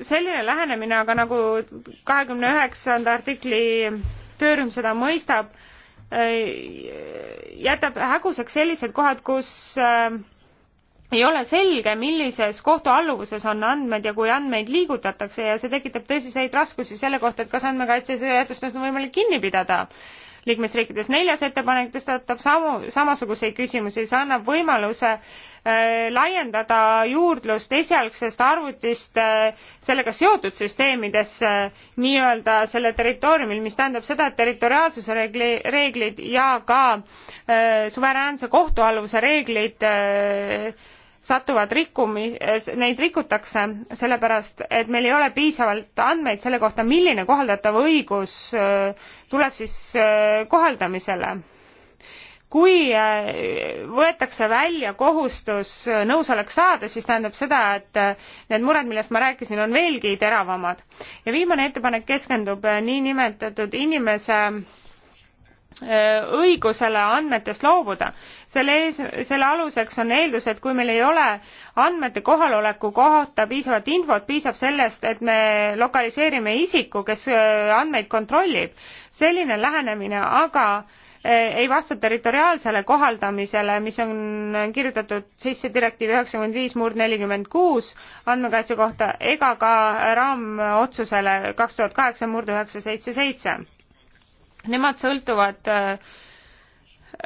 [SPEAKER 2] selline lähenemine aga nagu kahekümne üheksanda artikli töörühm seda mõistab, äh, jätab häguseks sellised kohad, kus äh, ei ole selge, millises kohtualluvuses on andmed ja kui andmeid liigutatakse ja see tekitab tõsiseid raskusi selle kohta, et kas andmekaitse seadustest on võimalik kinni pidada liikmesriikides. neljas ettepanek tõstatab samu, samasuguseid küsimusi, see annab võimaluse äh, laiendada juurdlust esialgsest arvutist äh, sellega seotud süsteemidesse äh, nii-öelda selle territooriumil, mis tähendab seda, et territoriaalsuse reegli, reeglid ja ka äh, suveräänse kohtualluvuse reeglid äh, satuvad rikkumi- neid rikutakse sellepärast et meil ei ole piisavalt andmeid selle kohta milline kohaldatav õigus äh, tuleb siis äh, kohaldamisele kui äh, võetakse välja kohustus nõusolek saada siis tähendab seda et need mured millest ma rääkisin on veelgi teravamad ja viimane ettepanek keskendub niinimetatud inimese Äh, õigusele andmetest loobuda. selle ees, selle aluseks on eeldus, et kui meil ei ole andmete kohaloleku kohta piisavat infot, piisab sellest, et me lokaliseerime isiku, kes äh, andmeid kontrollib. selline lähenemine aga äh, ei vasta territoriaalsele kohaldamisele, mis on kirjutatud sisse direktiivi üheksakümmend viis murd nelikümmend kuus andmekaitse kohta ega ka raamotsusele kaks tuhat kaheksa murd üheksa seitse seitse Nemad sõltuvad äh,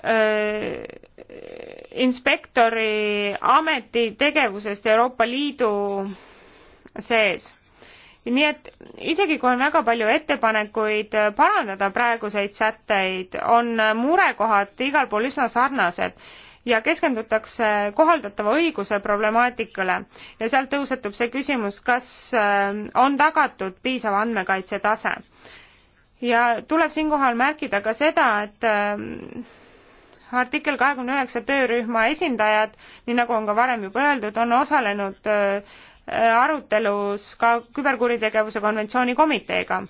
[SPEAKER 2] äh, inspektori ametitegevusest Euroopa Liidu sees. nii et isegi kui on väga palju ettepanekuid äh, parandada praeguseid sätteid, on murekohad igal pool üsna sarnased ja keskendutakse kohaldatava õiguse problemaatikale ja sealt tõusetub see küsimus, kas on tagatud piisav andmekaitse tase ja tuleb siinkohal märkida ka seda, et ähm, artikkel kahekümne üheksa töörühma esindajad, nii nagu on ka varem juba öeldud, on osalenud äh, arutelus ka küberkuritegevuse konventsiooni komiteega.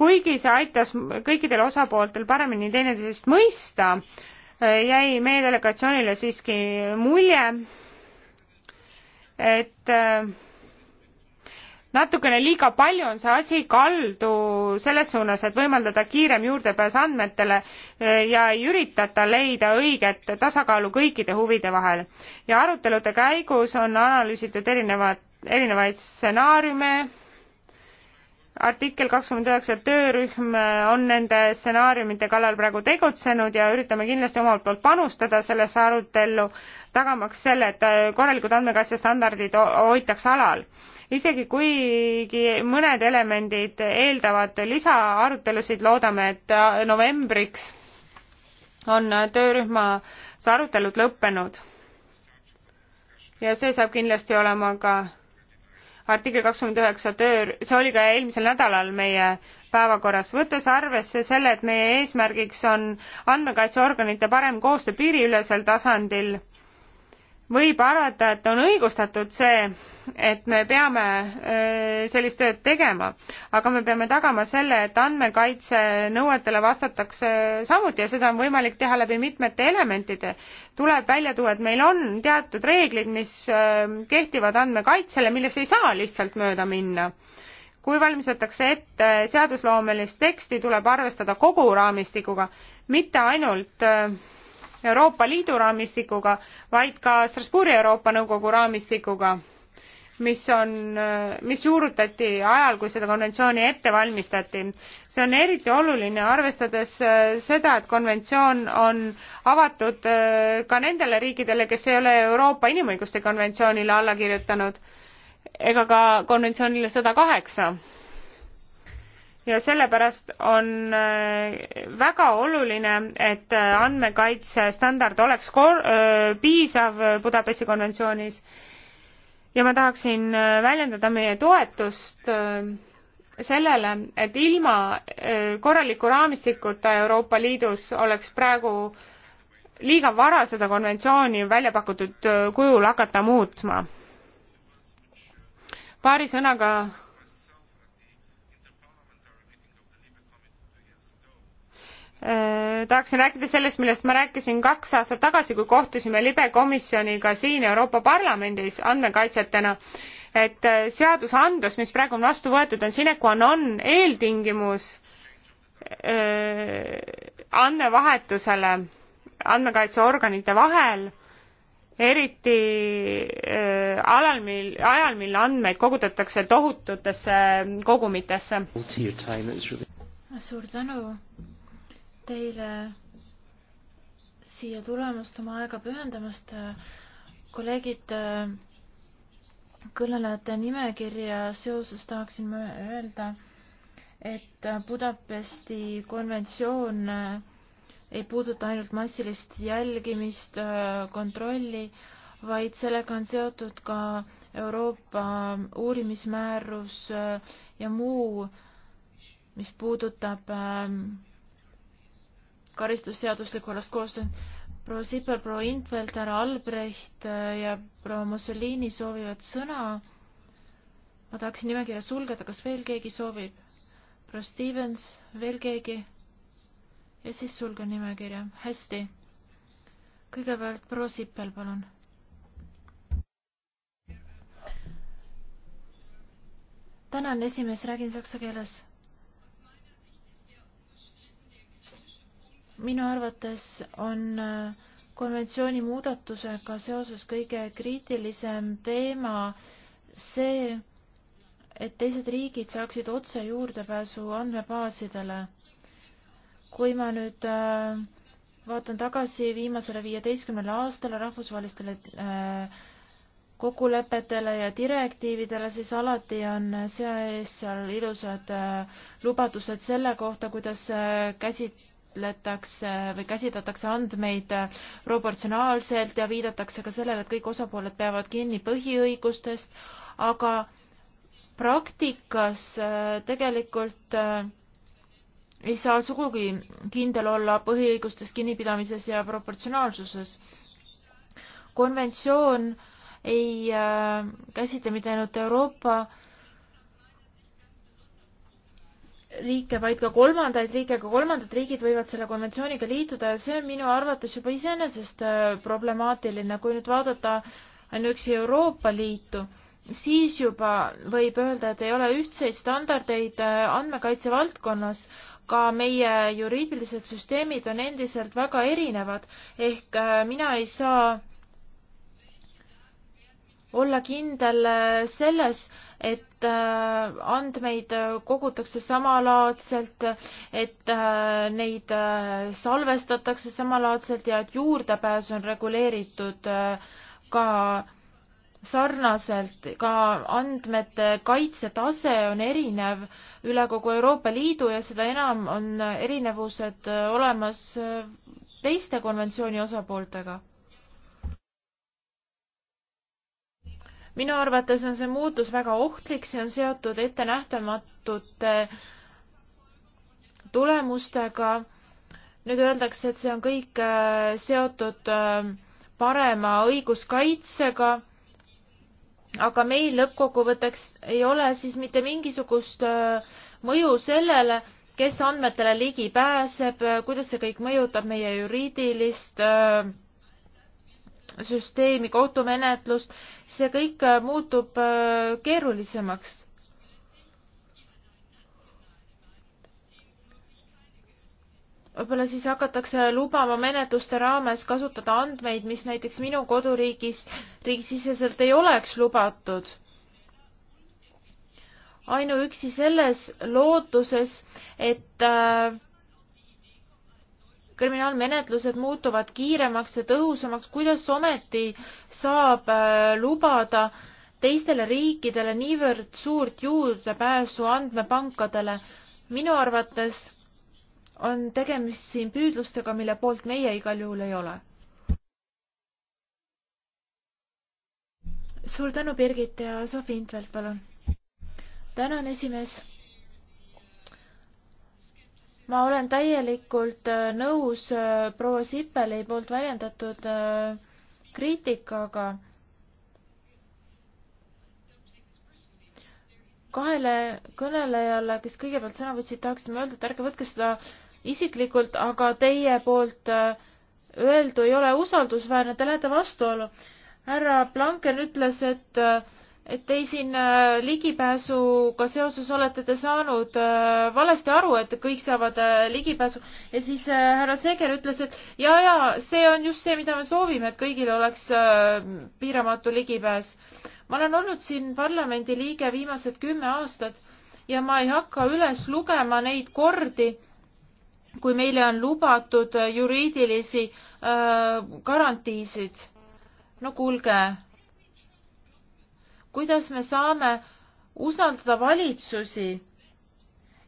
[SPEAKER 2] kuigi see aitas kõikidel osapooltel paremini teineteisest mõista, äh, jäi meie delegatsioonile siiski mulje, et äh, natukene liiga palju on see asi kaldu selles suunas, et võimaldada kiirem juurdepääs andmetele eh, ja ei üritata leida õiget tasakaalu kõikide huvide vahel. ja arutelude käigus on analüüsitud erinevad, erinevaid stsenaariume, artikkel kakskümmend üheksa töörühm eh, on nende stsenaariumite kallal praegu tegutsenud ja üritame kindlasti omalt poolt panustada sellesse arutellu, tagamaks selle, et eh, korralikud andmekaitsestandardid hoitakse alal isegi kuigi mõned elemendid eeldavad lisaarutelusid, loodame, et äh, novembriks on äh, töörühmas arutelud lõppenud. ja see saab kindlasti olema ka artikkel kakskümmend üheksa töör, see oli ka eelmisel nädalal meie päevakorras, võttes arvesse selle, et meie eesmärgiks on andmekaitseorganite parem koostöö piiriülesel tasandil võib arvata, et on õigustatud see, et me peame äh, sellist tööd tegema, aga me peame tagama selle, et andmekaitse nõuetele vastatakse samuti ja seda on võimalik teha läbi mitmete elementide. tuleb välja tuua, et meil on teatud reeglid, mis äh, kehtivad andmekaitsele, milles ei saa lihtsalt mööda minna kui valmistatakse ette seadusloomelist teksti, tuleb arvestada kogu raamistikuga, mitte ainult äh, Euroopa Liidu raamistikuga, vaid ka Strasbourgi Euroopa Nõukogu raamistikuga, mis on, mis juurutati ajal, kui seda konventsiooni ette valmistati. see on eriti oluline, arvestades äh, seda, et konventsioon on avatud äh, ka nendele riikidele, kes ei ole Euroopa Inimõiguste konventsioonile alla kirjutanud ega ka konventsioonile sada kaheksa ja sellepärast on äh, väga oluline, et äh, andmekaitsestandard oleks kor-, äh, piisav Budapesti konventsioonis ja ma tahaksin väljendada meie toetust sellele, et ilma korraliku raamistikuta Euroopa Liidus oleks praegu liiga vara seda konventsiooni välja pakutud kujul hakata muutma. paari sõnaga Äh, tahaksin rääkida sellest, millest ma rääkisin kaks aastat tagasi, kui kohtusime libe komisjoniga siin Euroopa Parlamendis andmekaitsjatena, et äh, seadusandlus, mis praegu on vastu võetud, on sine qua non eeltingimus äh, andmevahetusele andmekaitseorganite vahel, eriti öö, alal, mil, ajal, mil andmeid kogutakse tohututesse kogumitesse.
[SPEAKER 1] suur tänu teile siia tulemast, oma aega pühendamast. kolleegid, kõnelejate nimekirja seoses tahaksin ma öelda, et Budapesti konventsioon ei puuduta ainult massilist jälgimist, kontrolli, vaid sellega on seotud ka Euroopa uurimismäärus ja muu, mis puudutab äh, karistusseaduslikku alast koostööd. proua Sipel, proua Intvelt, härra Albrecht äh, ja proua Mussolini soovivad sõna. ma tahaksin nimekirja sulgeda, kas veel keegi soovib? proua Stevens, veel keegi? ja siis sulgen nimekirja, hästi. kõigepealt proua Sipel, palun tänan, esimees, räägin saksa keeles. minu arvates on äh, konventsiooni muudatusega seoses kõige kriitilisem teema see, et teised riigid saaksid otse juurdepääsu andmebaasidele. kui ma nüüd äh, vaatan tagasi viimasele viieteistkümnele aastale rahvusvahelistele äh, kokkulepetele ja direktiividele, siis alati on sees seal ilusad lubadused selle kohta, kuidas käsit-, käsitletakse või käsitletakse andmeid proportsionaalselt ja viidatakse ka sellele, et kõik osapooled peavad kinni põhiõigustest, aga praktikas äh, tegelikult äh, ei saa sugugi kindel olla põhiõigustes kinnipidamises ja proportsionaalsuses. konventsioon ei äh, käsitle mitte ainult Euroopa riike, vaid ka kolmandaid riike, ka kolmandad riigid võivad selle konventsiooniga liituda ja see on minu arvates juba iseenesest äh, problemaatiline, kui nüüd vaadata ainuüksi Euroopa Liitu, siis juba võib öelda, et ei ole ühtseid standardeid äh, andmekaitse valdkonnas, ka meie juriidilised süsteemid on endiselt väga erinevad, ehk äh, mina ei saa olla kindel äh, selles, et äh, andmeid äh, kogutakse samalaadselt, et neid salvestatakse samalaadselt ja et juurdepääs on reguleeritud ka sarnaselt, ka andmete kaitsetase on erinev üle kogu Euroopa Liidu ja seda enam on erinevused olemas teiste konventsiooni osapooltega minu arvates on see muutus väga ohtlik, see on seotud ettenähtamatute tulemustega. nüüd öeldakse, et see on kõik äh, seotud äh, parema õiguskaitsega, aga meil lõppkokkuvõtteks ei ole siis mitte mingisugust äh, mõju sellele, kes andmetele ligi pääseb, kuidas see kõik mõjutab meie juriidilist äh, süsteemi, kohtumenetlust, see kõik äh, muutub äh, keerulisemaks. võib-olla siis hakatakse lubama menetluste raames kasutada andmeid, mis näiteks minu koduriigis, riigisiseselt ei oleks lubatud. ainuüksi selles lootuses, et äh, kriminaalmenetlused muutuvad kiiremaks ja tõhusamaks, kuidas ometi saab äh, lubada teistele riikidele niivõrd suurt juurdepääsu andmepankadele? minu arvates on tegemist siin püüdlustega, mille poolt meie igal juhul ei ole. suur tänu, Birgit ja Sofi Intvelt, palun. tänan, esimees ma olen täielikult äh, nõus äh, proua Sippeli poolt väljendatud äh, kriitikaga. kahele kõnelejale, kes kõigepealt sõna võtsid, tahaksime öelda, et ärge võtke seda isiklikult, aga teie poolt öeldu ei ole usaldusväärne, te lähete vastuollu. härra Blanken ütles, et et ei siin äh, ligipääsuga seoses olete te saanud äh, valesti aru, et kõik saavad äh, ligipääsu ja siis härra Seeger ütles, et ja, ja see on just see, mida me soovime, et kõigil oleks piiramatu ligipääs. ma olen olnud siin parlamendi liige viimased kümme aastat ja ma ei hakka üles lugema neid kordi, kui meile on lubatud juriidilisi garantiisid. no kuulge kuidas me saame usaldada valitsusi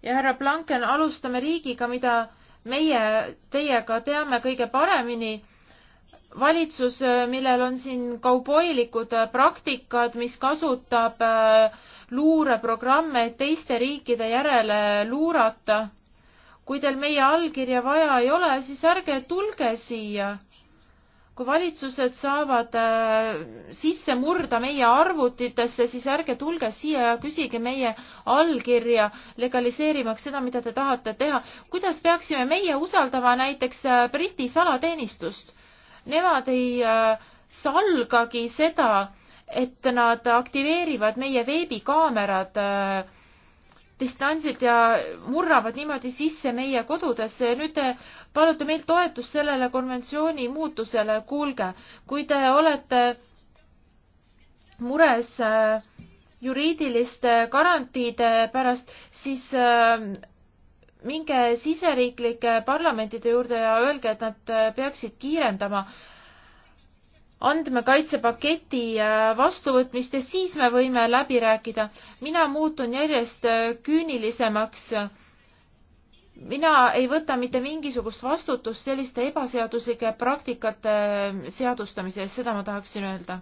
[SPEAKER 1] ja härra Blanken, alustame riigiga, mida meie teiega teame kõige paremini. valitsus, millel on siin kauboilikud praktikad, mis kasutab äh, luureprogramme, et teiste riikide järele luurata. kui teil meie allkirja vaja ei ole, siis ärge tulge siia kui valitsused saavad äh, sisse murda meie arvutitesse, siis ärge tulge siia ja küsige meie allkirja, legaliseerimaks seda, mida te tahate teha. kuidas peaksime meie usaldama näiteks äh, Briti salateenistust? Nemad ei äh, salgagi seda, et nad aktiveerivad meie veebikaamerad distantsilt ja murravad niimoodi sisse meie kodudesse ja nüüd te palute meilt toetust sellele konventsiooni muutusele, kuulge, kui te olete mures äh, juriidiliste garantiide pärast, siis äh, minge siseriiklike parlamentide juurde ja öelge, et nad äh, peaksid kiirendama andmekaitsepaketi vastuvõtmist ja siis me võime läbi rääkida. mina muutun järjest küünilisemaks mina ei võta mitte mingisugust vastutust selliste ebaseaduslike praktikate ähm, seadustamise eest, seda ma tahaksin öelda.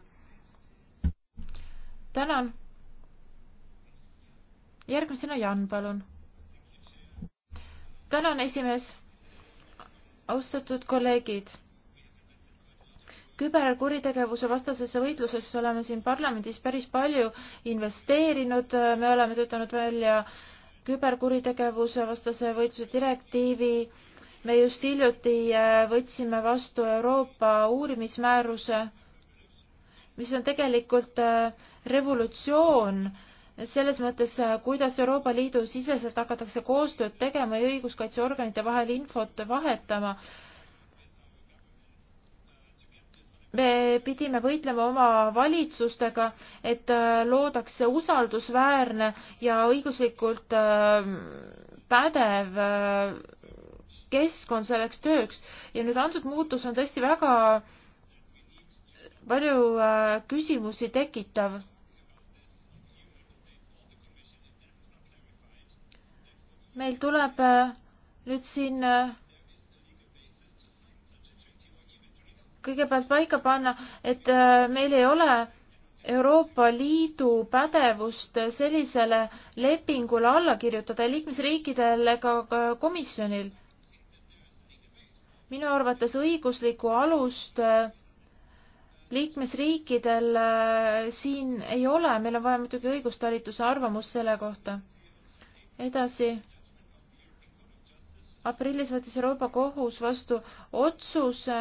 [SPEAKER 1] tänan. järgmisena Jan, palun. tänan, esimees. austatud kolleegid. küberkuritegevuse vastasesse võitlusesse oleme siin parlamendis päris palju investeerinud, me oleme töötanud välja äh, küberkuritegevuse vastase võitluse direktiivi me just hiljuti äh, võtsime vastu Euroopa uurimismääruse, mis on tegelikult äh, revolutsioon selles mõttes, äh, kuidas Euroopa Liidu siseselt hakatakse koostööd tegema ja õiguskaitseorganite vahel infot vahetama me pidime võitlema oma valitsustega, et äh, loodaks usaldusväärne ja õiguslikult äh, pädev äh, keskkond selleks tööks ja nüüd antud muutus on tõesti väga palju küsimusi tekitav. meil tuleb nüüd siin kõigepealt paika panna, et äh, meil ei ole Euroopa Liidu pädevust sellisele lepingule alla kirjutada ei liikmesriikidel ega ka komisjonil. minu arvates õiguslikku alust äh, liikmesriikidel äh, siin ei ole, meil on vaja muidugi õigustalituse arvamust selle kohta. edasi aprillis võttis Euroopa Kohus vastu otsuse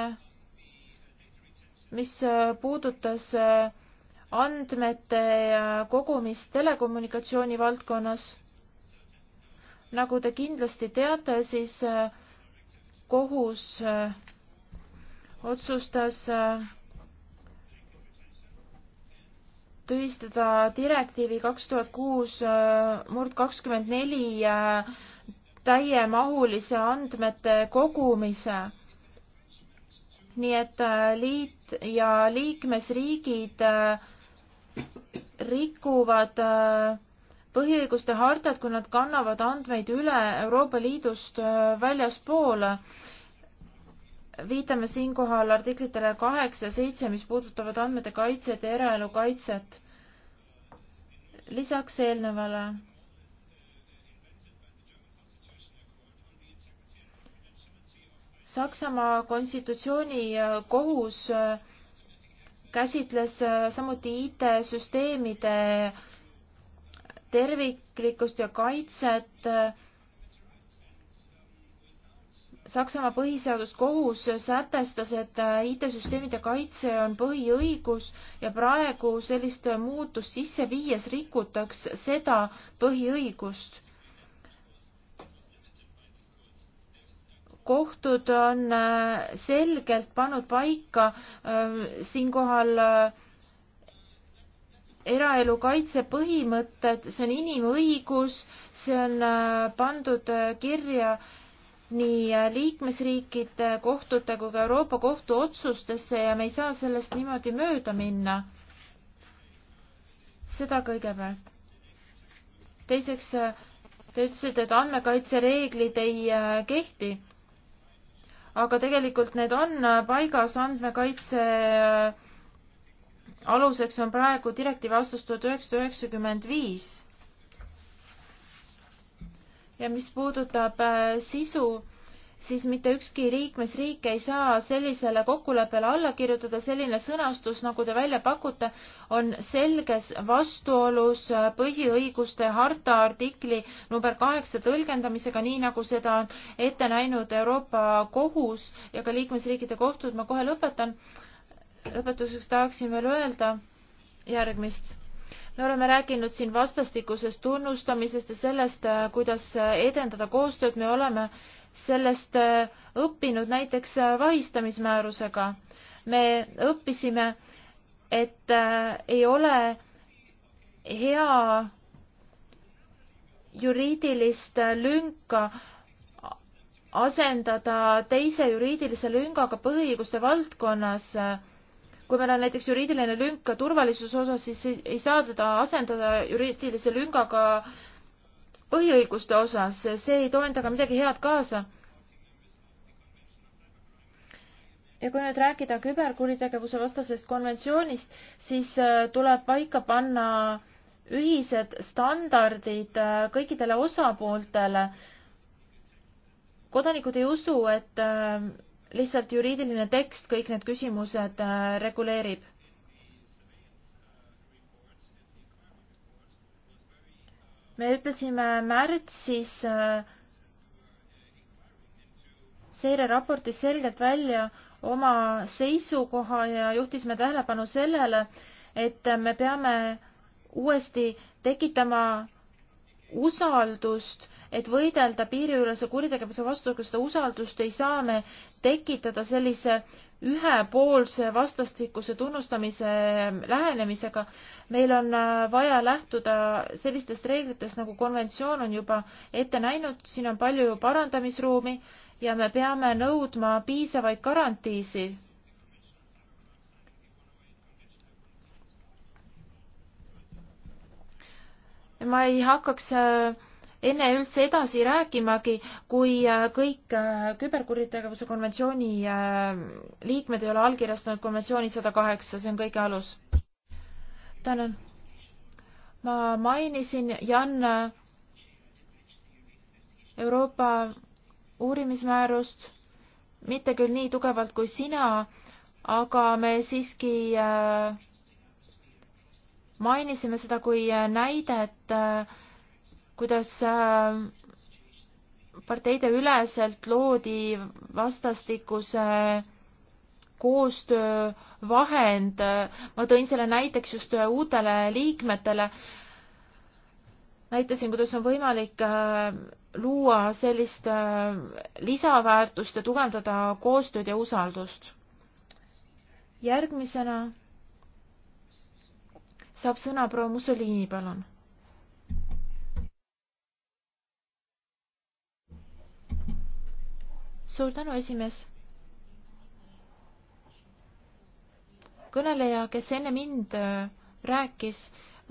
[SPEAKER 1] mis äh, puudutas äh, andmete äh, kogumist telekommunikatsiooni valdkonnas. nagu te kindlasti teate, siis kohus otsustas tühistada direktiivi kaks tuhat kuus murd kakskümmend neli täiemahulise andmete kogumise nii et äh, liit ja liikmesriigid äh, rikuvad äh, põhiõiguste hartat, kui nad kannavad andmeid üle Euroopa Liidust väljaspoole. viitame siinkohal artiklitele kaheksa ja seitse, mis puudutavad andmete kaitset ja eraelu kaitset. lisaks eelnevale Saksamaa konstitutsioonikohus äh, äh, käsitles äh, samuti IT-süsteemide terviklikkust ja kaitset. Saksamaa põhiseaduskohus sätestas, et IT-süsteemide kaitse on põhiõigus ja praegu sellist muutust sisse viies rikutaks seda põhiõigust kohtud on äh, selgelt pannud paika äh, siinkohal äh, eraelu kaitse põhimõtted, see on inimõigus, see on pandud kirja nii liikmesriikide kohtute kui ka Euroopa Kohtu otsustesse ja me ei saa sellest niimoodi mööda minna. seda kõigepealt. teiseks, te ütlesite, et andmekaitsereeglid ei kehti aga tegelikult need on äh, paigas, andmekaitse äh, aluseks on praegu direktiivi aastast tuhat üheksasada üheksakümmend viis. ja mis puudutab äh, sisu, siis mitte ükski liikmesriik ei saa sellisele kokkuleppele alla kirjutada, selline sõnastus, nagu te välja pakute, on selges vastuolus põhiõiguste harta artikli number kaheksa tõlgendamisega, nii nagu seda on ette näinud Euroopa Kohus ja ka liikmesriikide kohtud. ma kohe lõpetan. lõpetuseks tahaksin veel öelda järgmist me oleme rääkinud siin vastastikusest tunnustamisest ja sellest, äh, kuidas äh, edendada koostööd, me oleme sellest äh, õppinud näiteks vahistamismäärusega. me õppisime, et ei ole hea juriidilist lünka asendada teise juriidilise lüngaga põhiõiguste valdkonnas kui meil on näiteks juriidiline lünk ka turvalisuse osas, siis ei, ei saa teda asendada juriidilise lüngaga põhiõiguste osas, see ei too endaga midagi head kaasa. ja kui nüüd rääkida küberkuritegevuse vastasest konventsioonist, siis äh, tuleb paika panna ühised standardid äh, kõikidele osapooltele kodanikud ei usu, et äh, lihtsalt juriidiline tekst kõik need küsimused äh, reguleerib. me ütlesime märtsis äh, seireraportis selgelt välja oma seisukoha ja juhtisime tähelepanu sellele, et me peame uuesti tekitama usaldust et võidelda piiriülese kuritegevuse vastu, kui seda usaldust ei saa me tekitada sellise ühepoolse vastastikuse tunnustamise lähenemisega. meil on äh, vaja lähtuda sellistest reeglitest, nagu konventsioon on juba ette näinud, siin on palju parandamisruumi ja me peame nõudma piisavaid garantiisid ma ei hakkaks äh, enne üldse edasi rääkimagi, kui äh, kõik äh, küberkuritegevuse konventsiooni äh, liikmed ei ole allkirjastanud konventsiooni sada kaheksa, see on kõige alus. tänan. ma mainisin, Jan, Euroopa uurimismäärust, mitte küll nii tugevalt kui sina, aga me siiski mainisime seda kui näidet äh, kuidas äh, parteideüleselt loodi vastastikuse äh, koostöövahend, ma tõin selle näiteks just äh, uutele liikmetele, näitasin, kuidas on võimalik luua sellist lisaväärtust ja tugevdada koostööd ja usaldust. järgmisena saab sõna proua Mussolini, palun suur tänu, esimees. kõneleja, kes enne mind äh, rääkis,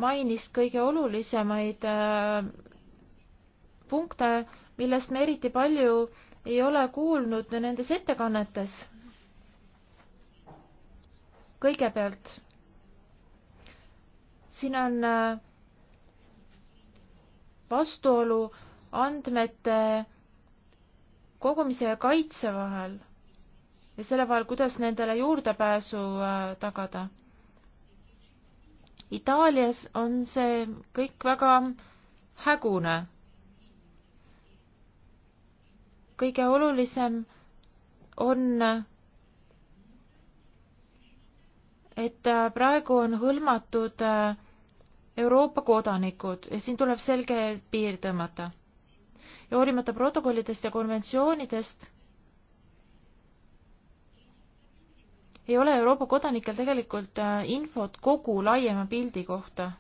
[SPEAKER 1] mainis kõige olulisemaid äh, punkte, millest me eriti palju ei ole kuulnud nendes ettekannetes. kõigepealt, siin on äh, vastuolu andmete kogumise ja kaitse vahel ja selle vahel, kuidas nendele juurdepääsu äh, tagada. Itaalias on see kõik väga hägune. kõige olulisem on, et äh, praegu on hõlmatud äh, Euroopa kodanikud ja siin tuleb selge piir tõmmata ja hoolimata protokollidest ja konventsioonidest ei ole Euroopa kodanikel tegelikult äh, infot kogu laiema pildi kohta.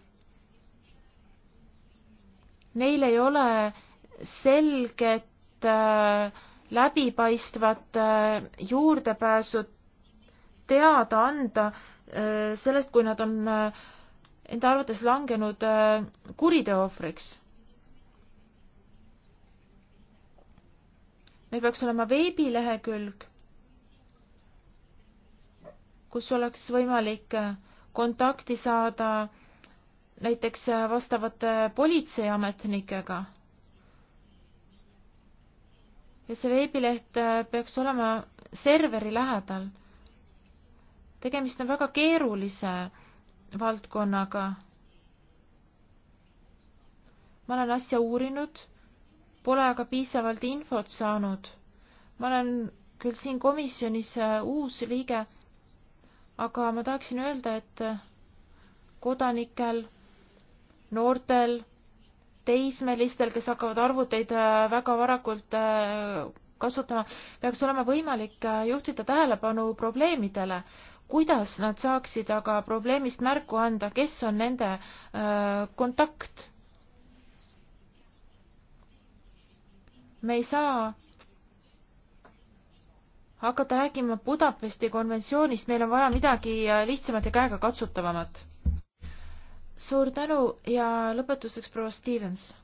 [SPEAKER 1] Neil ei ole selget äh, läbipaistvat äh, juurdepääsu teada anda sellest, kui nad on enda arvates langenud kuriteo ohvriks meil peaks olema veebilehekülg, kus oleks võimalik äh, kontakti saada näiteks äh, vastavate politseiametnikega. ja see veebileht äh, peaks olema serveri lähedal. tegemist on väga keerulise valdkonnaga. ma olen asja uurinud pole aga piisavalt infot saanud. ma olen küll siin komisjonis äh, uus liige, aga ma tahaksin öelda, et äh, kodanikel, noortel, teismelistel, kes hakkavad arvuteid äh, väga varakult kasutama, peaks olema võimalik juhtida tähelepanu probleemidele, kuidas nad saaksid aga probleemist märku anda, kes on nende kontakt me ei saa hakata rääkima Budapesti konventsioonist, meil on vaja midagi äh, lihtsamat ja käegakatsutavamat. suur tänu ja lõpetuseks proua Stevens.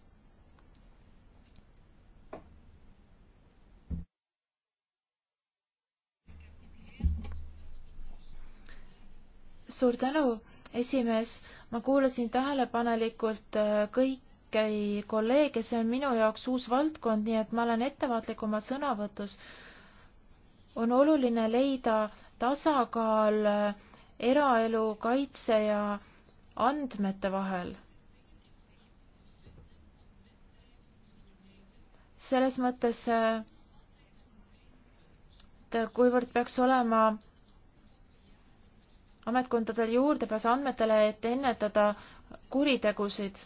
[SPEAKER 1] suur tänu, esimees, ma kuulasin tähelepanelikult äh, kõik ei kolleege, see on minu jaoks uus valdkond, nii et ma olen ettevaatlik oma sõnavõtus. on oluline leida tasakaal äh, eraelu kaitse ja andmete vahel. selles mõttes, äh, et kuivõrd peaks olema ametkondadel juurdepääs andmetele, et ennetada kuritegusid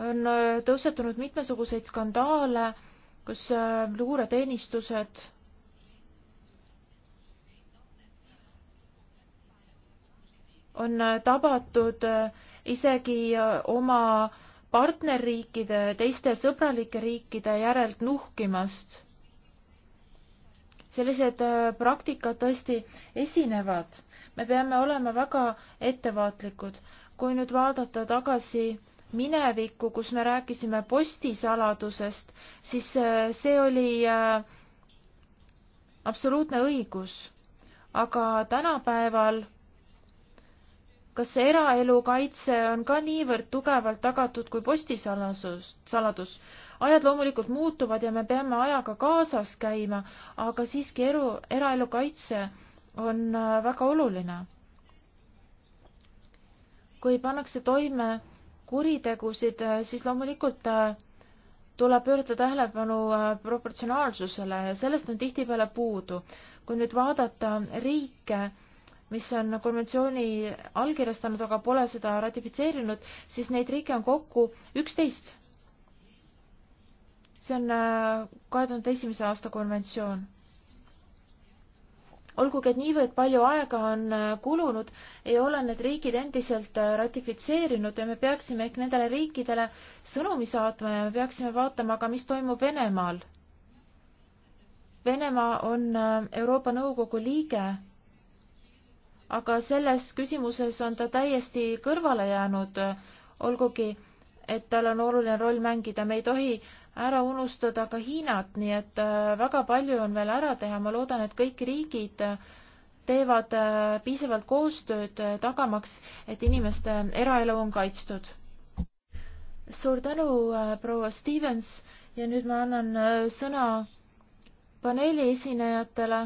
[SPEAKER 1] on äh, tõusetunud mitmesuguseid skandaale, kus äh, luureteenistused on äh, tabatud isegi oma partnerriikide, teiste sõbralike riikide järelt nuhkimast. sellised praktikad tõesti esinevad. me peame olema väga ettevaatlikud. kui nüüd vaadata tagasi minevikku, kus me rääkisime postisaladusest, siis äh, see oli äh, absoluutne õigus. aga tänapäeval kas see eraelu kaitse on ka niivõrd tugevalt tagatud kui postisaladus, saladus? ajad loomulikult muutuvad ja me peame ajaga kaasas käima, aga siiski eru, eraelu kaitse on äh, väga oluline. kui pannakse toime kuritegusid, siis loomulikult äh, tuleb pöörata tähelepanu äh, proportsionaalsusele ja sellest on tihtipeale puudu. kui nüüd vaadata riike, mis on konventsiooni allkirjastanud, aga pole seda ratifitseerinud, siis neid riike on kokku üksteist. see on äh, kahe tuhande esimese aasta konventsioon olgugi, et niivõrd palju aega on äh, kulunud, ei ole need riigid endiselt äh, ratifitseerinud ja me peaksime ehk nendele riikidele sõnumi saatma ja me peaksime vaatama ka, mis toimub Venemaal. Venemaa on äh, Euroopa Nõukogu liige, aga selles küsimuses on ta täiesti kõrvale jäänud, olgugi et tal on oluline roll mängida, me ei tohi ära unustada ka Hiinat, nii et äh, väga palju on veel ära teha, ma loodan, et kõik riigid äh, teevad äh, piisavalt koostööd, tagamaks, et inimeste eraelu on kaitstud. suur tänu, proua Stevens ja nüüd ma annan sõna paneeli esinejatele.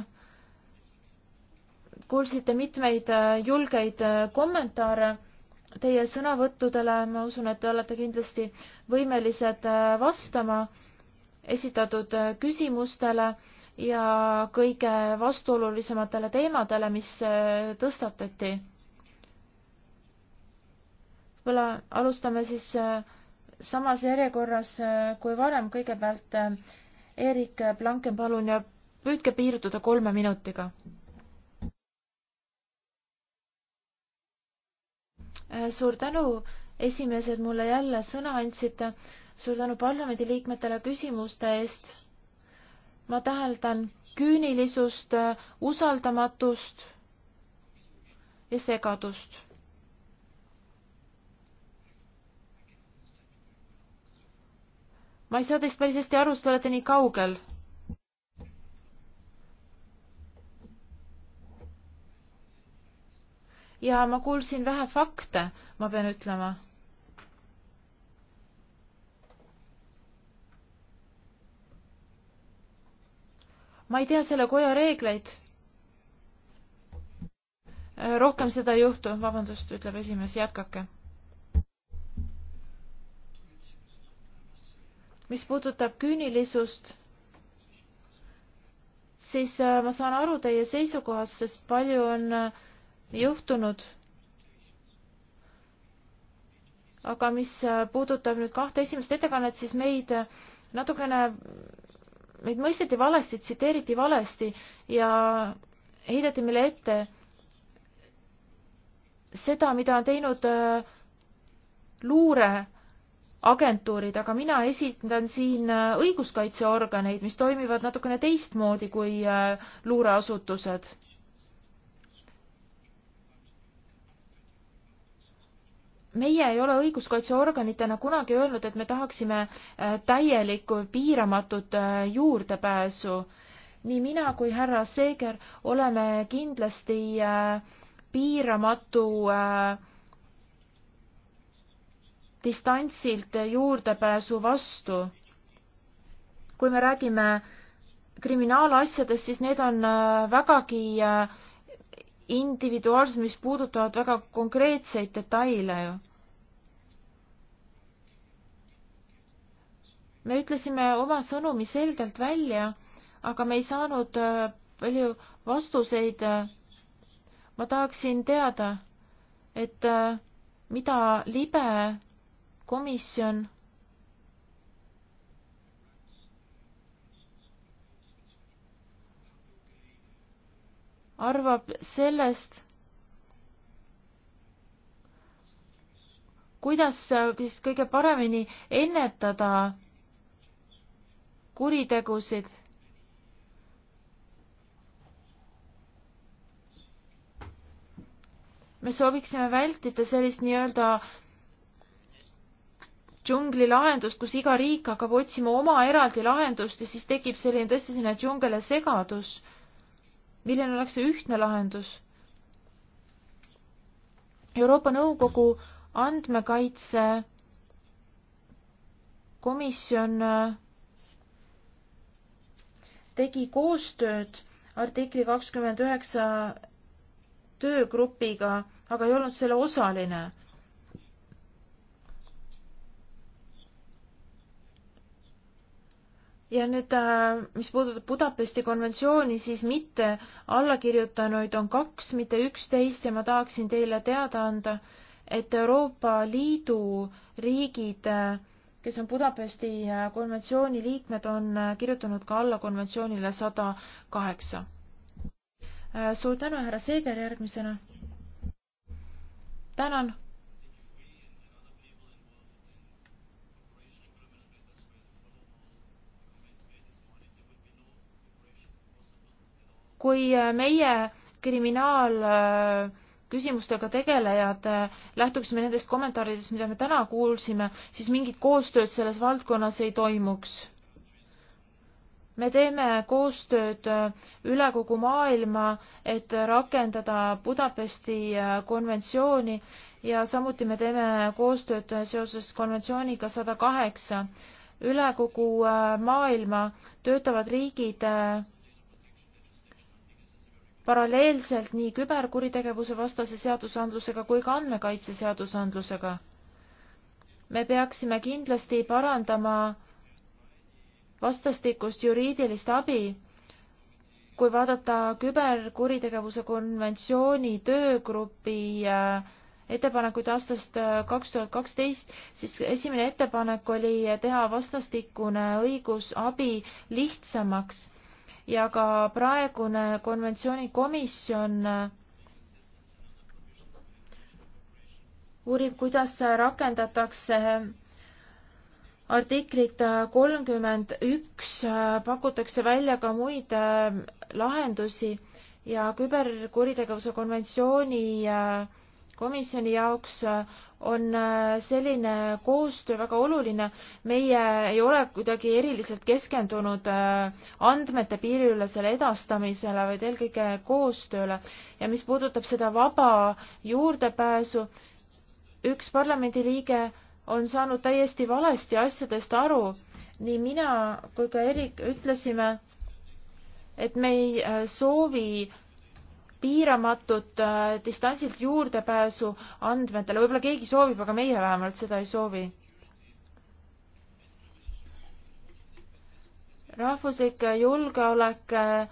[SPEAKER 1] kuulsite mitmeid julgeid kommentaare teie sõnavõttudele, ma usun, et te olete kindlasti võimelised äh, vastama esitatud äh, küsimustele ja kõige vastuolulisematele teemadele, mis äh, tõstatati. võib-olla alustame siis samas järjekorras kui varem, kõigepealt Eerik Blanken, palun ja püüdke piirduda kolme minutiga Äh, suur tänu, esimees, et mulle jälle sõna andsite. suur tänu parlamendiliikmetele küsimuste eest. ma täheldan küünilisust, äh, usaldamatust ja segadust. ma ei saa teist päris hästi aru, sest te olete nii kaugel ja ma kuulsin vähe fakte, ma pean ütlema. ma ei tea selle koja reegleid. rohkem seda ei juhtu, vabandust, ütleb esimees, jätkake. mis puudutab küünilisust siis äh, ma saan aru teie seisukohast, sest palju on äh, juhtunud. aga mis puudutab nüüd kahte esimest ettekannet, siis meid natukene, meid mõisteti valesti, tsiteeriti valesti ja heideti meile ette seda, mida on teinud äh, luureagentuurid, aga mina esindan siin äh, õiguskaitseorganeid, mis toimivad natukene teistmoodi kui äh, luureasutused meie ei ole õiguskaitseorganitena kunagi öelnud, et me tahaksime äh, täielikku piiramatut äh, juurdepääsu. nii mina kui härra Seeger oleme kindlasti äh, piiramatu distantsilt juurdepääsu vastu. kui me räägime kriminaalasjadest, siis need on vägagi individuaalsus, mis puudutavad väga konkreetseid detaile ju. me ütlesime oma sõnumi selgelt välja, aga me ei saanud äh, palju vastuseid. Äh, ma tahaksin teada, et äh, mida libe komisjon arvab sellest, kuidas siis kõige paremini ennetada kuritegusid. me sooviksime vältida sellist nii-öelda džungli lahendust, kus iga riik hakkab otsima oma eraldi lahendust ja siis tekib selline tõesti selline džungel ja segadus milline oleks see ühtne lahendus? Euroopa Nõukogu andmekaitse komisjon äh, tegi koostööd artikli kakskümmend üheksa töögrupiga, aga ei olnud selle osaline ja nüüd, äh, mis puudutab Budapesti konventsiooni, siis mitte allakirjutanuid on kaks, mitte üksteist ja ma tahaksin teile teada anda, et Euroopa Liidu riigid, äh, kes on Budapesti äh, konventsiooni liikmed, on kirjutanud ka alla konventsioonile sada kaheksa. suur tänu, härra Seeger, järgmisena. tänan kui äh, meie kriminaalküsimustega äh, tegelejad äh, lähtuksime nendest kommentaaridest, mida me täna kuulsime, siis mingit koostööd selles valdkonnas ei toimuks. me teeme koostööd üle kogu maailma, et rakendada Budapesti konventsiooni ja samuti me teeme koostööd seoses konventsiooniga sada kaheksa. üle kogu maailma töötavad riigid paralleelselt nii küberkuritegevuse vastase seadusandlusega kui ka andmekaitse seadusandlusega. me peaksime kindlasti parandama vastastikust juriidilist abi. kui vaadata küberkuritegevuse konventsiooni töögrupi äh, ettepanekuid aastast äh, kaks tuhat kaksteist, siis esimene ettepanek oli teha vastastikune õigusabi lihtsamaks ja ka praegune konventsiooni komisjon uurib, kuidas rakendatakse artiklit kolmkümmend üks, pakutakse välja ka muid äh, lahendusi ja küberkuritegevuse konventsiooni äh, komisjoni jaoks äh, on äh, selline koostöö väga oluline. meie ei ole kuidagi eriliselt keskendunud äh, andmete piiriülesele edastamisele, vaid eelkõige koostööle. ja mis puudutab seda vaba juurdepääsu, üks parlamendiliige on saanud täiesti valesti asjadest aru. nii mina kui ka Erik ütlesime, et me ei soovi piiramatut äh, distantsilt juurdepääsu andmetele, võib-olla keegi soovib, aga meie vähemalt seda ei soovi. rahvuslik julgeolek äh,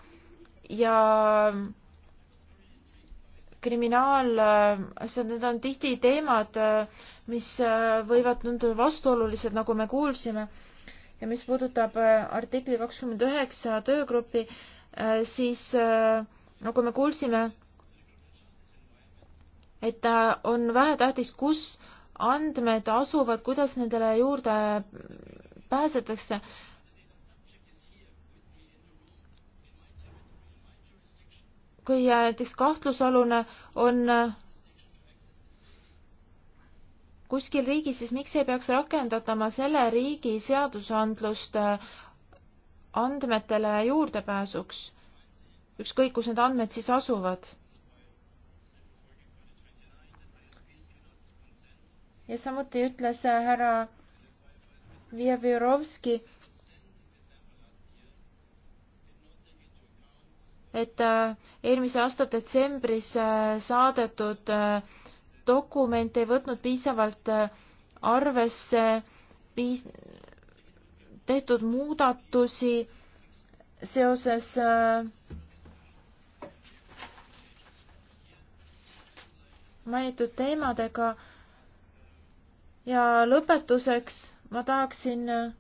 [SPEAKER 1] ja kriminaalasjad, äh, need on tihti teemad, mis võivad tunduda vastuolulised, nagu me kuulsime. ja mis puudutab artikli kakskümmend üheksa töögrupi, siis äh, nagu me kuulsime, et on vähetähtis, kus andmed asuvad, kuidas nendele juurde pääsetakse. kui äh, näiteks kahtlusalune on äh, kuskil riigis, siis miks ei peaks rakendatama selle riigi seadusandlust äh, andmetele juurdepääsuks? ükskõik, kus need andmed siis asuvad. ja samuti ütles härra Vjevjurovski, et äh, eelmise aasta detsembris äh, saadetud äh, dokument ei võtnud piisavalt arvesse piis-, tehtud muudatusi seoses äh, mainitud teemadega. ja lõpetuseks ma tahaksin äh,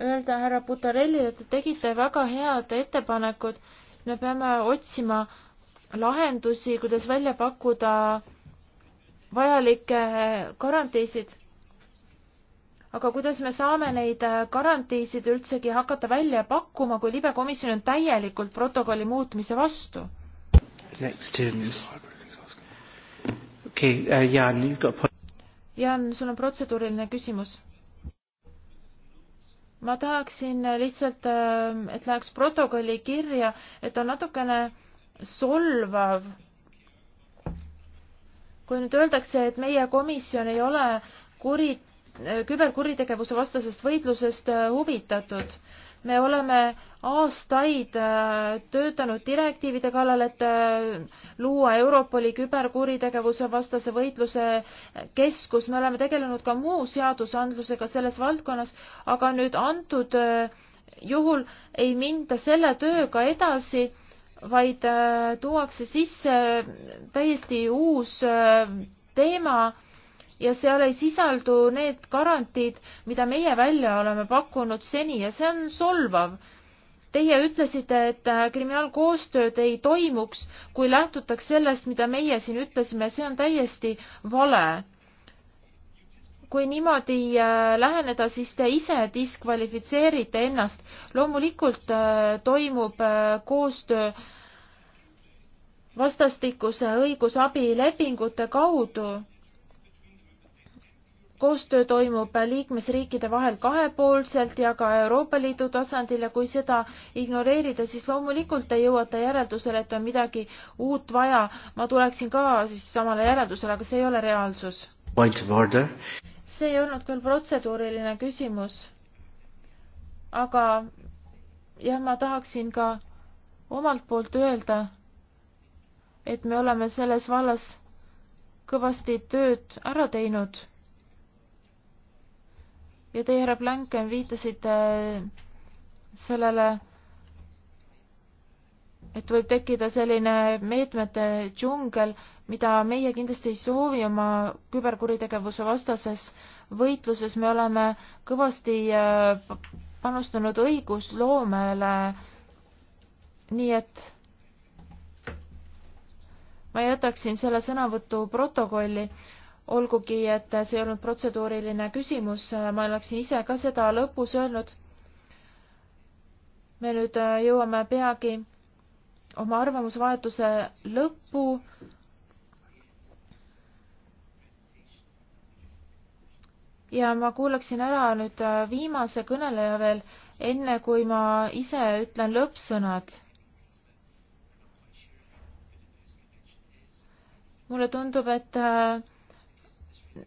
[SPEAKER 1] öelda härra Butarellile, et te tegite väga head ettepanekud. me peame otsima lahendusi, kuidas välja pakkuda vajalikke äh, garantiisid. aga kuidas me saame neid äh, garantiisid üldsegi hakata välja pakkuma, kui libekomisjon on täielikult protokolli muutmise vastu? next to um, Ms. Okay, uh, Jan, you've got a point. Jan, sul on protseduuriline küsimus. ma tahaksin äh, lihtsalt, ähm, et läheks protokolli kirja, et on natukene solvav, kui nüüd öeldakse, et meie komisjon ei ole kuri, äh, küberkuritegevuse vastasest võitlusest äh, huvitatud me oleme aastaid äh, töötanud direktiivide kallal, et äh, luua Europoli küberkuritegevuse vastase võitluse keskus, me oleme tegelenud ka muu seadusandlusega selles valdkonnas, aga nüüd antud äh, juhul ei minda selle tööga edasi, vaid tuuakse sisse täiesti uus teema ja seal ei sisaldu need garantiid, mida meie välja oleme pakkunud seni ja see on solvav. Teie ütlesite, et äh, kriminaalkoostööd ei toimuks, kui lähtutaks sellest, mida meie siin ütlesime, see on täiesti vale. kui niimoodi äh, läheneda, siis te ise diskvalifitseerite ennast. loomulikult äh, toimub koostöö vastastikuse õigusabilepingute kaudu koostöö toimub liikmesriikide vahel kahepoolselt ja ka Euroopa Liidu tasandil ja kui seda ignoreerida, siis loomulikult ei jõuata järeldusele, et on midagi uut vaja. ma tuleksin ka siis samale järeldusele, aga see ei ole reaalsus. see ei olnud küll protseduuriline küsimus. aga jah, ma tahaksin ka omalt poolt öelda, et me oleme selles vallas kõvasti tööd ära teinud ja teie, härra Blanken, viitasite äh, sellele, et võib tekkida selline meetmete džungel, mida meie kindlasti ei soovi oma küberkuritegevuse vastases võitluses, me oleme kõvasti äh, panustanud õigusloomele, nii et ma jätaksin selle sõnavõtu protokolli, olgugi, et see ei olnud protseduuriline küsimus, ma oleksin ise ka seda lõpus öelnud. me nüüd äh, jõuame peagi oma arvamusvahetuse lõppu. ja ma kuulaksin ära nüüd äh, viimase kõneleja veel, enne kui ma ise ütlen lõppsõnad mulle tundub, et äh,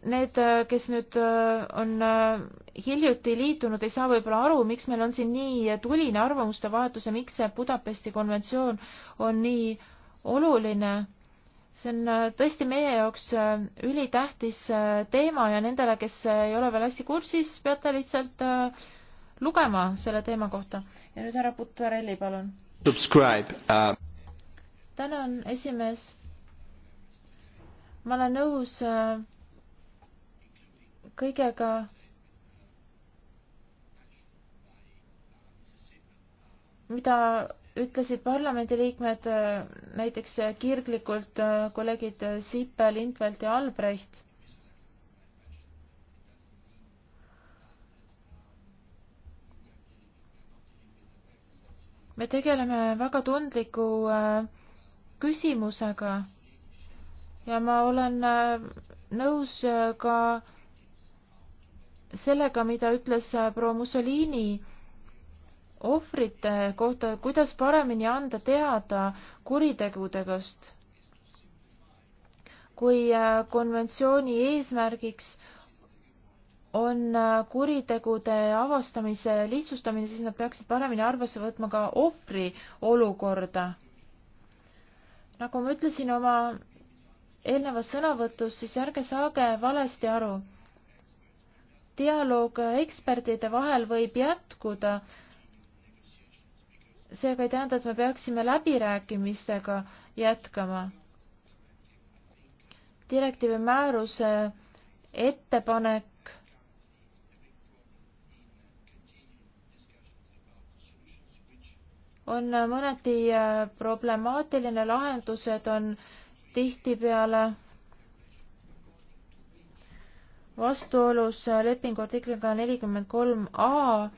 [SPEAKER 1] need, äh, kes nüüd äh, on äh, hiljuti liitunud, ei saa võib-olla aru, miks meil on siin nii tuline arvamuste vahetus ja miks see Budapesti konventsioon on nii oluline. see on tõesti meie jaoks ülitähtis teema ja nendele, kes ei ole veel hästi kursis, peate lihtsalt lugema selle teema kohta. ja nüüd härra Putarelli, palun. Uh... tänan, esimees. ma olen nõus uh kõigega, mida ütlesid parlamendiliikmed, näiteks kirglikult äh, kolleegid Sippe, Lindvelt ja Albrecht. me tegeleme väga tundliku äh, küsimusega ja ma olen äh, nõus ka äh, sellega, mida ütles äh, proua Mussolini ohvrite kohta, kuidas paremini anda teada kuritegudest. kui äh, konventsiooni eesmärgiks on äh, kuritegude avastamise lihtsustamine, siis nad peaksid paremini arvesse võtma ka ohvri olukorda. nagu ma ütlesin oma eelnevas sõnavõtus, siis ärge saage valesti aru dialoog ekspertide vahel võib jätkuda. seega ei tähenda, et me peaksime läbirääkimistega jätkama. direktiivi määruse ettepanek on mõneti problemaatiline, lahendused on tihtipeale vastuolus lepingu artikliga nelikümmend kolm A.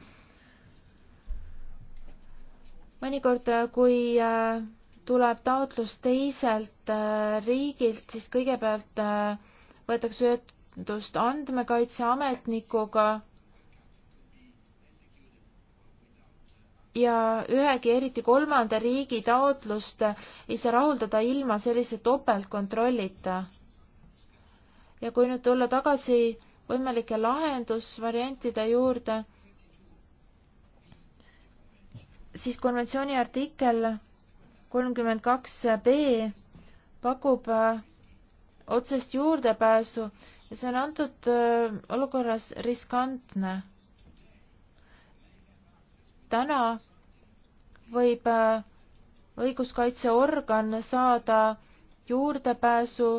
[SPEAKER 1] mõnikord, kui äh, tuleb taotlus teiselt äh, riigilt, siis kõigepealt äh, võetakse ühendust andmekaitseametnikuga ja ühegi, eriti kolmanda riigi taotlust ei saa rahuldada ilma sellise topeltkontrollita ja kui nüüd tulla tagasi võimalike lahendusvariantide juurde, siis konventsiooni artikkel kolmkümmend kaks B pakub äh, otsest juurdepääsu ja see on antud äh, olukorras riskantne. täna võib äh, õiguskaitseorgan saada juurdepääsu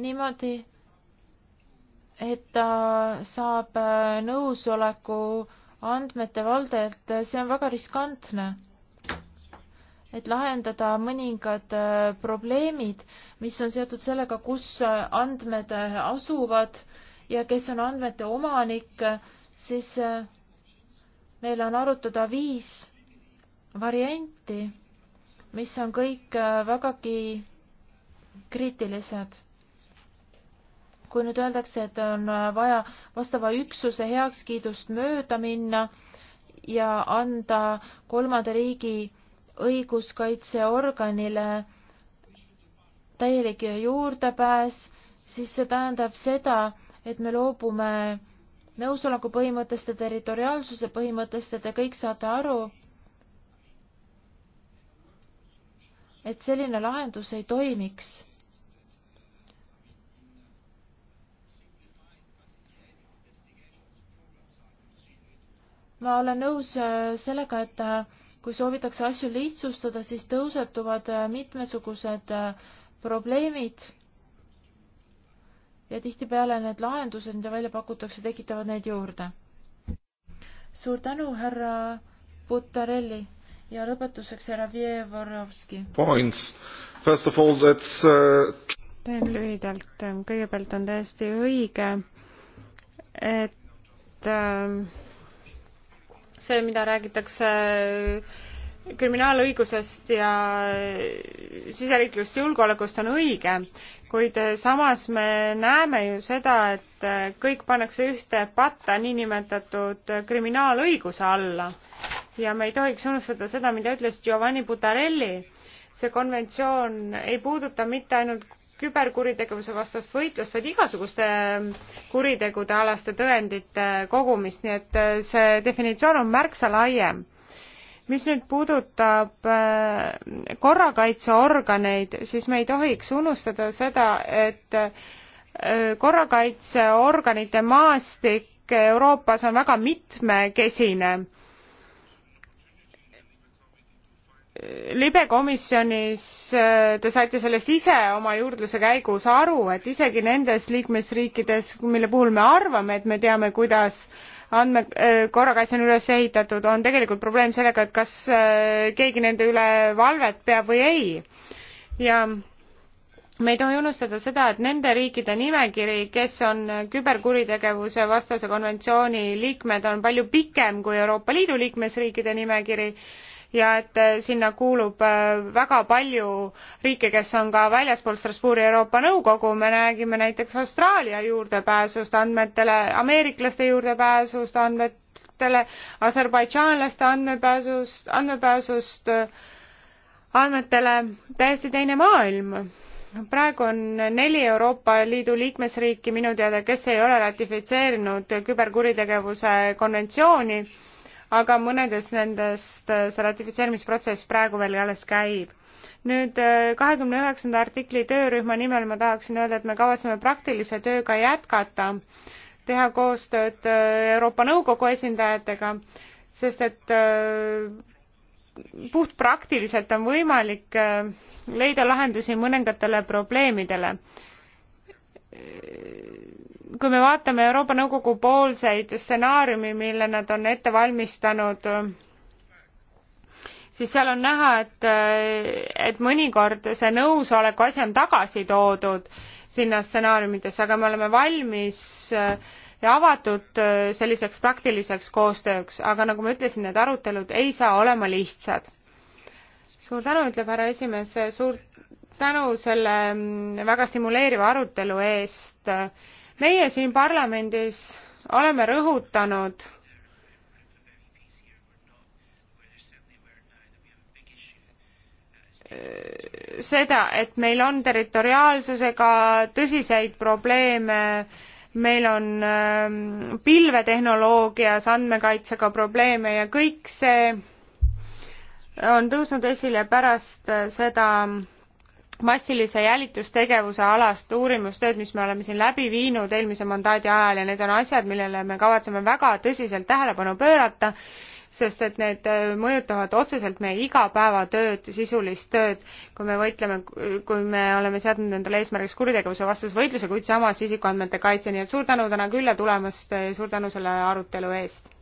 [SPEAKER 1] niimoodi, et ta saab äh, nõusoleku andmete valdajalt, see on väga riskantne. et lahendada mõningad äh, probleemid, mis on seotud sellega, kus äh, andmed asuvad ja kes on andmete omanik, siis meil on arutada viis varianti, mis on kõik vägagi kriitilised kui nüüd öeldakse, et on vaja vastava üksuse heakskiidust mööda minna ja anda kolmanda riigi õiguskaitseorganile täielik juurdepääs, siis see tähendab seda, et me loobume nõusoleku põhimõttest ja territoriaalsuse põhimõttest ja te kõik saate aru, et selline lahendus ei toimiks ma olen nõus äh, sellega, et äh, kui soovitakse asju lihtsustada, siis tõusetuvad äh, mitmesugused probleemid. ja tihtipeale need lahendused, mida välja pakutakse, tekitavad neid juurde. suur tänu, härra Butarelli ja lõpetuseks härra Vjevorovski. Points, first of all that's uh...
[SPEAKER 2] teen lühidalt, kõigepealt on täiesti õige, et äh, see, mida räägitakse äh, kriminaalõigusest ja äh, siseriiklikust julgeolekust on õige, kuid äh, samas me näeme ju seda, et kõik pannakse ühte patta niinimetatud kriminaalõiguse alla. ja me ei tohiks unustada seda, mida ütles Giovanni Butarelli. see konventsioon ei puuduta mitte ainult küberkuritegevuse vastast võitlust, vaid igasuguste kuritegude alaste tõendite kogumist, nii et äh, see definitsioon on märksa laiem. mis nüüd puudutab äh, korrakaitseorganeid, siis me ei tohiks unustada seda, et äh, korrakaitseorganite maastik Euroopas on väga mitmekesine libe komisjonis äh, te saite sellest ise oma juurdluse käigus aru, et isegi nendes liikmesriikides, mille puhul me arvame, et me teame, kuidas andme, äh, korrakaitse on üles ehitatud, on tegelikult probleem sellega, et kas äh, keegi nende üle valvet peab või ei. ja me ei tohi unustada seda, et nende riikide nimekiri, kes on küberkuritegevuse vastase konventsiooni liikmed, on palju pikem kui Euroopa Liidu liikmesriikide nimekiri ja et eh, sinna kuulub eh, väga palju riike, kes on ka väljaspool Strasbourgi Euroopa Nõukogu, me nägime näiteks Austraalia juurdepääsust andmetele, ameeriklaste juurdepääsust andmetele, aserbaidžaanlaste andmepääsust, andmepääsust eh, andmetele, täiesti teine maailm praegu on neli Euroopa Liidu liikmesriiki minu teada, kes ei ole ratifitseerinud küberkuritegevuse konventsiooni aga mõnedest nendest äh, see ratifitseerimisprotsess praegu veel alles käib nüüd äh, kahekümne üheksanda artikli töörühma nimel ma tahaksin öelda, et me kavatseme praktilise tööga jätkata, teha koostööd äh, Euroopa Nõukogu esindajatega, sest et puhtpraktiliselt on võimalik leida lahendusi mõningatele probleemidele kui me vaatame Euroopa Nõukogu poolseid stsenaariumi, mille nad on ette valmistanud, siis seal on näha, et, et mõnikord see nõusoleku asi on tagasi toodud sinna stsenaariumitesse, aga me oleme valmis äh, ja avatud äh, selliseks praktiliseks koostööks, aga nagu ma ütlesin, need arutelud ei saa olema lihtsad. suur tänu, ütleb härra esimees, suur tänu selle mm, väga stimuleeriva arutelu eest äh, meie siin parlamendis oleme rõhutanud äh, seda, et meil on territoriaalsusega tõsiseid probleeme, meil on ähm, pilvetehnoloogias andmekaitsega probleeme ja kõik see on tõusnud esile pärast äh, seda massilise jälitustegevuse alast uurimustööd, mis me oleme siin läbi viinud eelmise mandaadi ajal ja need on asjad, millele me kavatseme väga tõsiselt tähelepanu pöörata, sest et need äh, mõjutavad otseselt meie igapäevatööd, sisulist tööd, kui me võitleme, kui me oleme seadnud endale eesmärgiks kuritegevuse vastase võitluse, kuid samas isikuandmete kaitse, nii et suur tänu täna külla tulemast ja suur tänu selle arutelu eest!